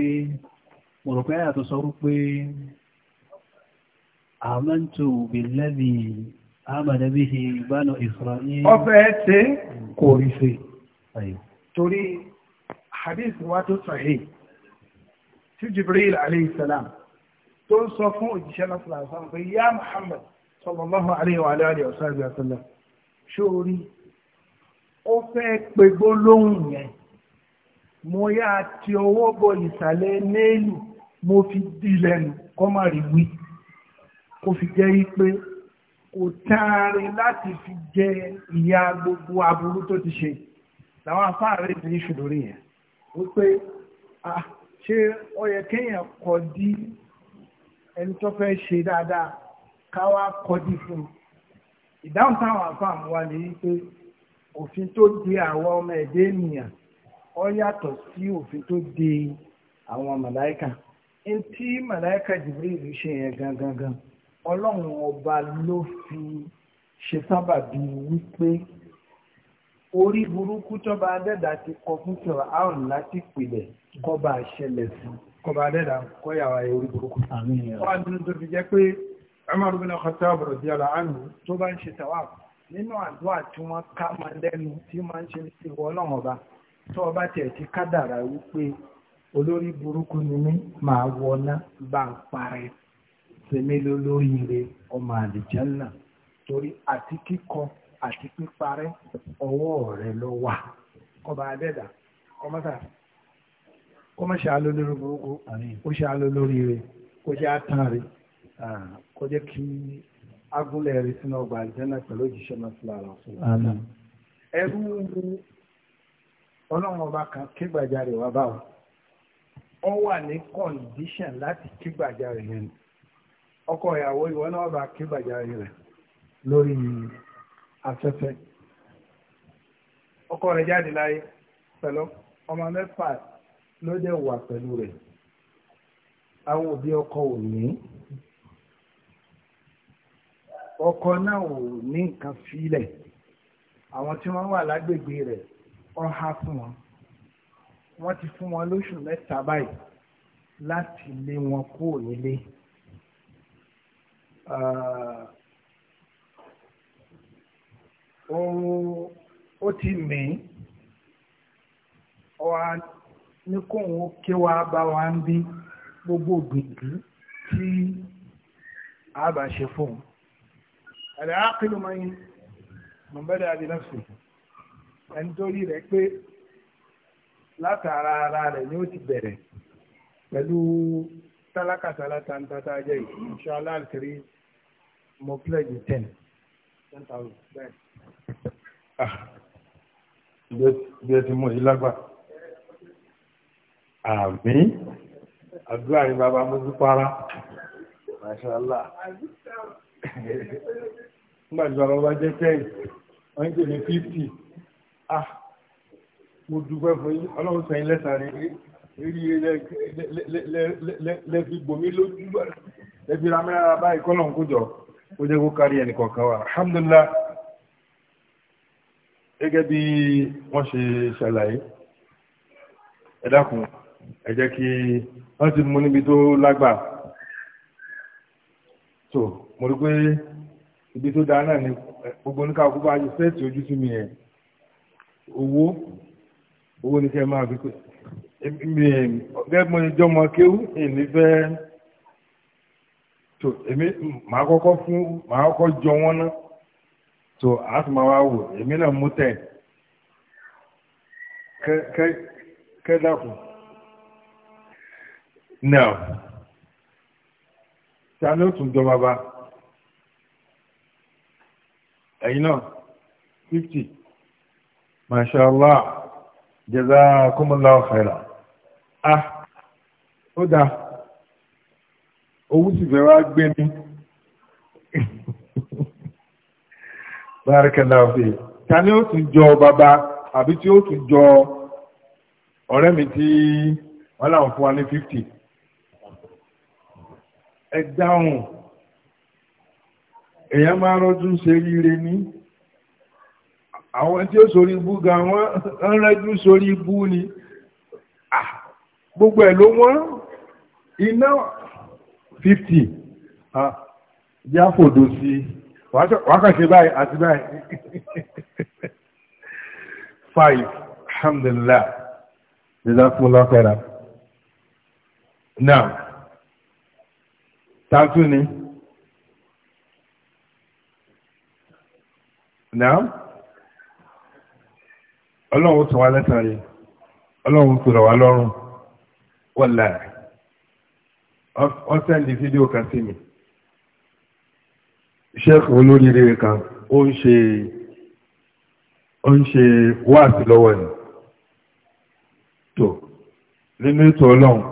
mọ̀rọ̀pẹ́ àyà tó sọ wípé àmọ́ntò bèlẹ́bì àmàdẹ́bìhì bánà Isra'il ọfẹ́ ṣe kò rí ṣe torí hadith wa tó sahih tí ó fẹ́ pe gbólóhùn yẹn mo yá ti owó bo ìsàlẹ̀ néèlù mo fi dì lẹ́nu kọ́ má rí wí kó fi jẹ́ pé kò táàrí láti fi jẹ ìyá gbogbo aburú tó ti ṣe làwọn afáàrẹ̀ ti ní ṣùdórí yẹn wípé ah ṣé ó yẹ kéèyàn kọ́ di ẹni tó fẹ́ ṣe dáadáa káwá kọ́ di fún un ìdáhùn táwọn afáàmù wa nìyí pé òfin tó de àwọn ọmọ ẹ̀dẹ́ ènìyàn ó yàtọ̀ sí òfin tó de àwọn màláìka n tí màláìka Jibril ṣe yẹn gangan gan ọlọ́run ọba ló fi ṣe sábàbí wípé orí burúkú tọ́ba adẹ́dà ti kọ fún sọ̀rọ̀ àrùn láti pìlẹ̀ kọba àṣẹlẹ̀ sí kọba adẹ́dà kọ́yàwá orí burúkú. wọ́n á dúró tó fi jẹ́ pé Umar bin Khattab radiyallahu anhu tó bá ń ṣe tàwáàfù nínú àdúrà tí wọ́n ká máa lẹ́nu tí máa ń ṣe ìwọ ọlọ́run ọba tó ọba tiẹ̀ ti kádàrà wípé olórí burúkú ni mí máa wọná bá ń parẹ́ sẹ́mi lórí ire ọmọ àlìjánà torí àti kíkọ àti píparẹ́ ọwọ́ rẹ̀ ló wà kọba adẹ́dà kọmọ́sà kọmọ́ ṣe alólórí burúkú ó ṣe alólórí ire kó jẹ́ àtàn rẹ̀ kó jẹ́ kí agúnlẹ̀ rí sínú ọgbà àlìjẹ́nà pẹ̀lú o ji rà ala un. ẹrú ọlọ́run ọba kan kígbàjarè wá báwo ni ọkọ ìyàwó ìwọ ọkọ rẹ̀ jáde láyé pẹ̀lú ọmọ mẹ́fà ló wà àwọn òbí ọkọ ò ní. ọkọ náà ò ní nǹkan sílẹ̀ àwọn tí wọ́n wà lágbègbè rẹ̀ ọ há fún wọn wọ́n ti fún wọn lóṣù mẹ́ta báyìí láti lé wọn kúrò nílé ó ti mìín ọwa ní kóun ó ké wa bá wa ń bí gbogbo gbìyànjú tí a bá ṣe fóun àlàákìlù máa ń mọ̀bẹ́dà àdínàfẹ́ ẹni tó rí rẹ̀ pé látara ara rẹ̀ ni ó ti bẹ̀rẹ̀ pẹ̀lú tálákàtà látàntàtà jẹ́ ìṣọ́lá àkìrí mo pledge ten ten thousand bẹ́ẹ̀. bí ah, ẹ ti mú yìí lágbà àmì àdúrà yìí bàbá mo dúpọ̀ ara masha Allah nígbà tí bàbá wa jẹ́ ten wọ́n ń pè ní fifty ah mo dúpẹ́ fún yín ọlọ́run sẹ́yìn lẹ́sàn-án rẹ̀ rí lẹ́fi gbòmí lójú lẹ́fi ramẹ́ra báyìí kọ́lọ̀ ń kójọ ó jẹ́ kó kárí ẹnì kọ̀ọ̀kan wa alhamdulillah gẹ́gẹ́ bí wọ́n ṣe ṣàlàyé ẹ dákun ẹ jẹ́ kí wọ́n ti mú níbi tó lágbà tó mo rí pé ibi tó dáa náà ni gbogbo oníkàkú bá yọ sẹ́ẹ̀tì ojú sí mi yẹn owó owó ní kẹ́ máa fi pé èmi gẹ́gẹ́ mo ní jọmọ kéwú èmi fẹ́ tó èmi màá kọ́kọ́ fún màá kọ́kọ́ jọ wọ́n ná tó a sì máa wá wò èmi náà mú tẹ̀ kẹ́ Now, ta ló tún jọba bá? ẹ̀yin náà fifty masha allah khairan ah ó dáa owó sì fẹ́ wá gbé mi <laughs> barakallahu fi ta ni ó tún jọ bàbá àbí tí ó tún jọ ọ̀rẹ́ mi tí wọ́n láwọn fún wa ní fifty ẹ dáhùn èyàn máa rọ́jú ṣe ríire ní àwọn tí ó sórí ibú ga wọ́n rẹ́jú sórí ibú ni ah, gbogbo ẹ̀ ló wọ́n iná 50 já fòdó sí wákàtí báyìí àti báyìí 5 <laughs> alhamdulillah jazakumullah khairan now tàtú ni. náà ọlọ́run tó wá lẹ́tàn rí ọlọ́run tó rọ̀ wá lọ́rùn wọ́n láà ọ sẹ́ndì fídíò kan sí mi sheikh olóríire kan ó ń ṣe ó ń ṣe wáàsí lọ́wọ́ ẹ̀ tó nínú ètò ọlọ́run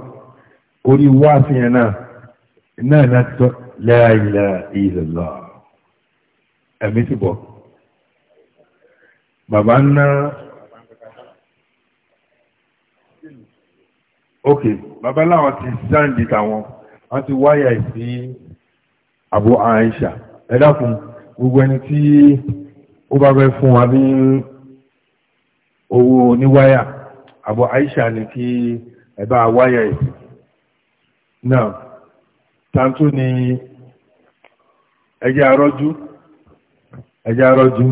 orí wáàsí yẹn náà náà láti tọ́ la ilaha ẹ̀mí ti bọ̀ bàbá ná ok bàbá láwọn ti sáǹdì tàwọn wọ́n ti wáyà sí àbò àìṣà ẹ dákun gbogbo ẹni tí ó bá fẹ́ fún wa ní owó oníwáyà àbò àìṣà ni kí ẹ bá wáyà ìsì náà tàǹtó ni ẹjẹ́ arọ́jú ẹjẹ́ arọ́jú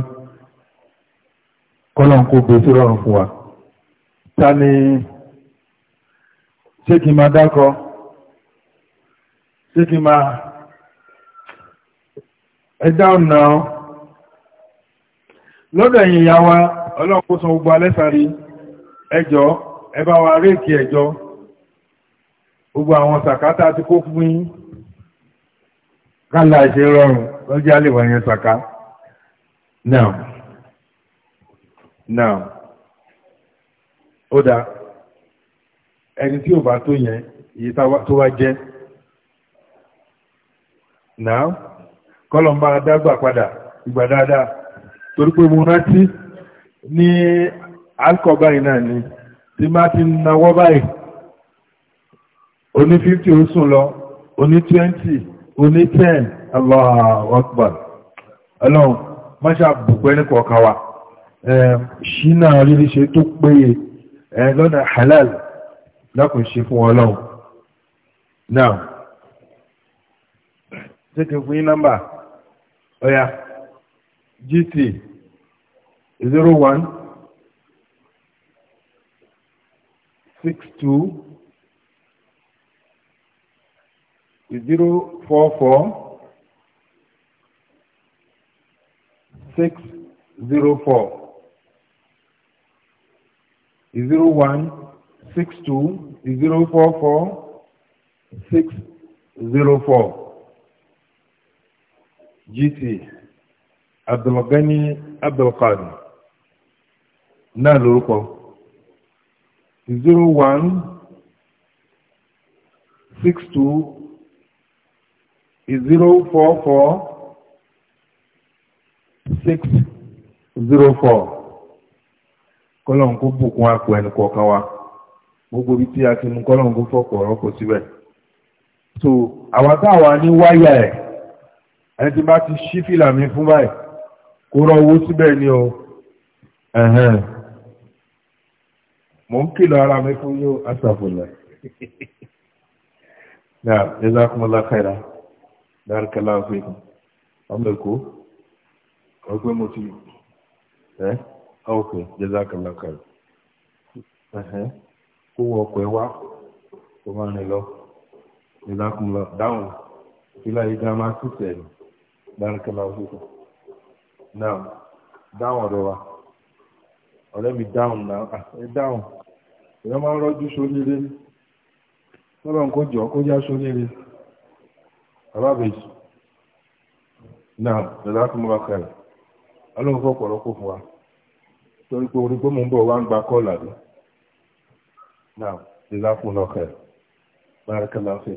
kọ́lọ̀n kó gbé sí rọrùn fún wa ta ni ṣé kí máa dákọ ṣé kí máa ẹ̀dá ọ̀nà lọ́dọ̀ ẹ̀yìn ìyá wa ọlọ́run kó san gbogbo alẹ́sàrí ẹjọ́ ẹ bá wa réèkì ẹjọ́ gbogbo àwọn sàkátà ti kó fún yín kálá ìṣe rọrùn lọ́jọ́ àlèwà yẹn sàká náà now ó ẹni tí ò bá tó yẹn iye tó wá jẹ́ náà kọ́lọ̀ ń bá dágbà padà ìgbà dáadáa torí pé mo rántí ní alkọ báyìí náà ni tí má ti nawọ́ báyìí oní 50 o sùn lọ oní 20 oní 10 Allahu Akbar ọlọ́run máṣá bùpẹ́ ní kọ̀ọ̀kan wa. ṣínà rírí ṣe tó péye lọ́nà halal lákùn ṣe fún ọlọ́run náà tẹ́kẹ̀ fún yí nọ́mbà ọya gt 01 62 044 604 zero one six two zero four four six zero four GT Abdulgani Abdulkadir náà lórúkọ zero one six two zero four four six zero four kọ́lọ́n kó bùkún àpò ẹnì kọ̀ọ̀kan wa gbogbo ibi tí a ti mú kọ́lọ́n kó fọ́pọ̀ ọ̀rọ̀ kò síbẹ̀ so àwa táwa ní wáyà ẹ̀ ẹni tí bá ti ṣí fìlà mi fún báyìí kó rọ owó síbẹ̀ ni o mo ń kìlọ̀ ara mi fún yóò asàfùlẹ̀ náà jazakumullahu khaira barakallahu fikum ọmọ èkó ọgbẹ́ mo ti ẹ́ ok jazakallah khair kó wọ ọkọ̀ ẹ wá kó máa rìn lọ jazakumullah dáhùn ìfìlà yìí gan máa tún sẹ́yìn barakallahu fikum náà down ọ̀rọ̀ wa ọ̀rẹ́ mi dáhùn náà ah, ẹ dáhùn ìyá máa ń rọ́jú sóríire lọ́dọ̀ nǹkan jọ a já sóríire arábèjì náà jazakumullah khair ọlọ́run fọ́ pọ̀lọ́pọ̀ fún wa torí pé orí pé mo ń bọ̀ wá ń gba kọ́ọ̀lù àbí. náà ìlà fún lọ́kẹ̀ bárakẹ́lá fẹ́.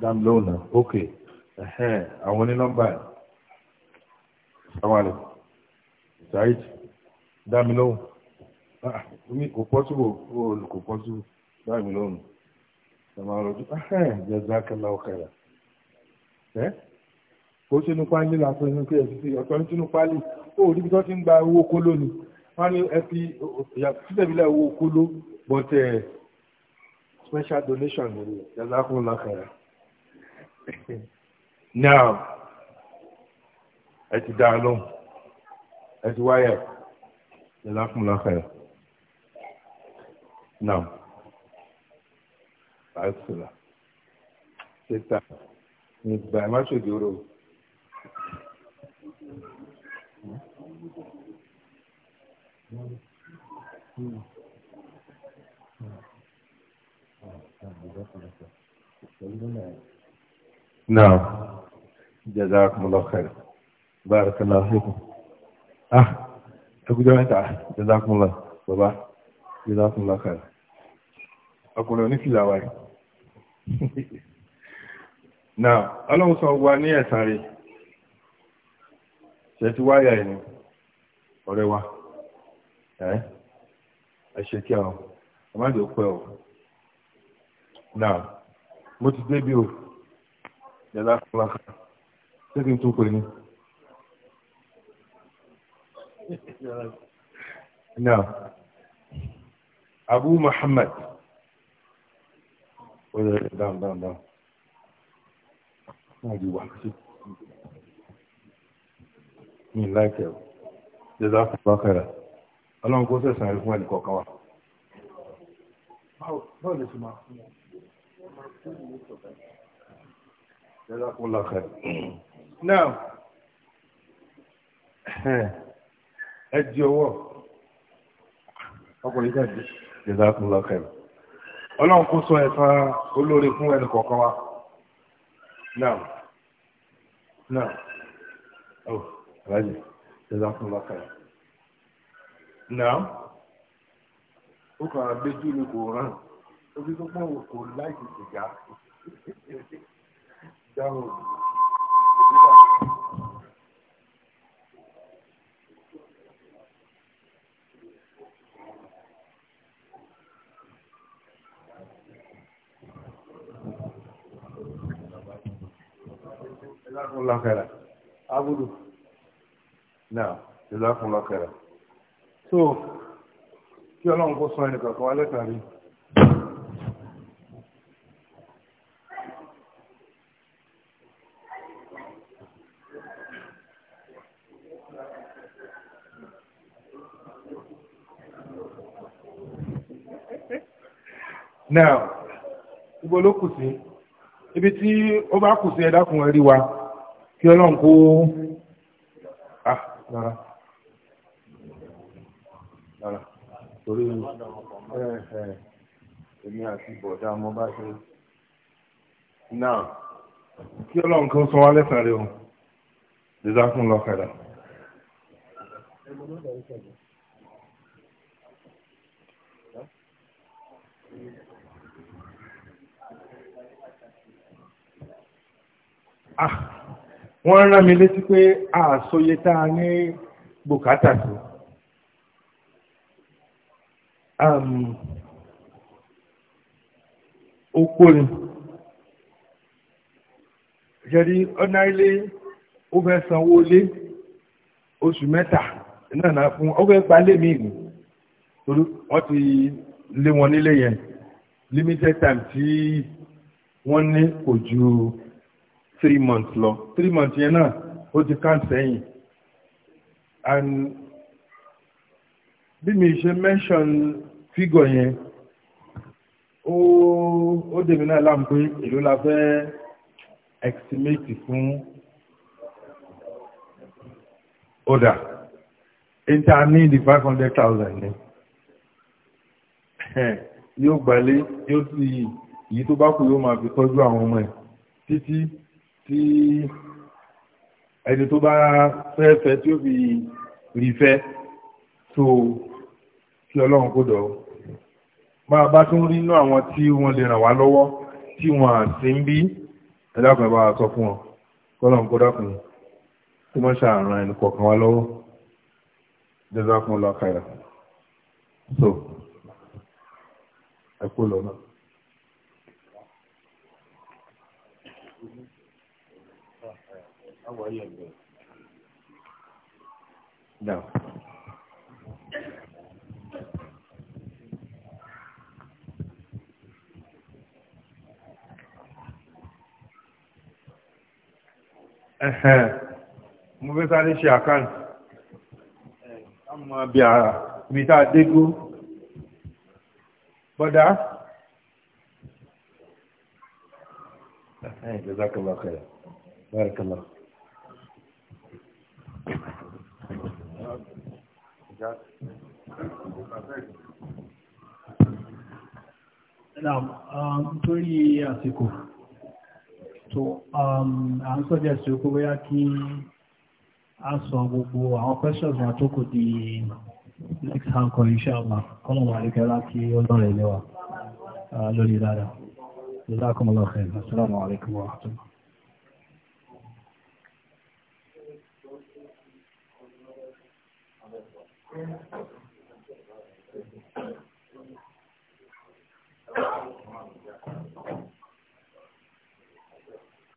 dam lónà ok àwọn onínọ́mbà ẹ̀ sáwálẹ̀ saheed dami lóhùn ah, mi kò pọ́sibò olù kò pọ́sibò dami lóhùn ẹ̀ máa rọ̀jú jẹ́ zákẹ́lá ọ̀kẹ́rẹ́ ó ṣe ní pálí lásán inú kfc ọ̀tọ̀ ní tinú pálí ó rí bí ti ń gba owó kóló ni wọ́n ní ẹbí síbẹ̀bílẹ̀ owó kóló but eh, special donation ni jazakum lakara <laughs> now ẹ ti dá a lóhùn ẹ ti wáyà jazakum lakara now àìsàn ṣe ta nígbà ẹ má ṣòdì oró. نعم جزاكم الله خير بارك الله فيكم اه اقول لك جزاكم الله بابا جزاكم الله خير اقول لك لا واي نعم الله سوى ني اساري ṣe ti wáyà ẹni ọ̀rẹ́ wa ẹ ẹ ṣe kí má lè pẹ́ mo ti o yàrá kọlákà ṣé kí n tún pè ní. Abu Muhammad ó yẹ dáhùn dáhùn dáhùn náà di wà jẹ́zá fàkàrà ọlọ́run kó sẹ̀sàn rí fún ẹnì kọ̀ọ̀kan wa. báwo lè ṣe máa fún wọn. jẹ́zá fún lọ́kẹ́. now ẹ jí owó ọkùnrin jáde jẹ́zá fún lọ́kẹ́. ọlọ́run kó sọ ẹ̀fọn olóore fún ẹnì kọ̀ọ̀kan wa. now now oh alájẹ jazakallah khair náà ó kàn án lójú ni kò rán ó fi tó pọ̀ kò láìsí sìgá dáhùn Abudu náà ìlú àfúnlọ kẹrẹ so kí ọlọ́run kó san ẹnìkan kan wá lẹ́tàrí now ibo ló kù sí ibi tí ó bá kù sí ẹ dákun ẹ rí wa kí ọlọ́run kó rárá rárá torí èmi àti bọ̀dá mo bá ṣe náà kí ọlọ́run kí ó wá lẹ́sàn rẹ̀ o ìzákùn lọ́kàdà. Ah wọ́n rán mi létí pé àsòye tá a ní bùkátà sí. Oko ni. Ṣẹ̀rí ọ̀nà ilé ó fẹ́ sanwó lé oṣù mẹ́ta náà náà fún ó fẹ́ lé mi ìlú wọ́n ti lé wọn nílé yẹn limited time tí wọ́n ní kò ju three months lọ three months yẹn náà ó ti kán sẹ́yìn and bí mi ṣe mention figure yẹn ó ó dèmi náà láàmú pé èló la fẹ́ estimate fún order inter need the five hundred thousand ni yóò gbalé yóò sì yìí tó bá kù yóò máa fi tọ́jú àwọn ọmọ ẹ̀ títí tí ẹni tó bá fẹ́fẹ́ tí ó fi rí fẹ́ tó kí ọlọ́run kó dọ̀ máa bá tún rí inú àwọn tí wọ́n lè ràn wá lọ́wọ́ tí wọ́n sì ń bí ẹ̀dàkùn ẹ̀bá sọ fún wọn kọ́lọ̀n kó dákùn tí wọ́n ṣàràn ẹni kọ̀ọ̀kan wá lọ́wọ́ jẹ́sàkùn lọ́kàrà so ẹ̀kú lọ́nà No. Ẹ̀hẹ̀n, mo fẹ́ sáré ṣe àkáǹtì. Ọmọ bí ara, mi tá dégó. Bọ́dá? Ẹ̀hẹ̀n, ìjọba kọlọ̀kọlọ̀. Bọ́dá kọlọ̀kọlọ̀. Nítorí um, àsìkò, tó um, à ń sọ́jẹ́ sí okó bóyá kí a sọ gbogbo àwọn questions wọn tó di next hand call iṣẹ́ ọmọ kọ́nà wà ní kẹ́lá kí ó lọ́rẹ̀ lẹ́wà uh, lórí dáadáa. Jazakumullahu Assalamu alaikum wa rahmatullah. Thank you.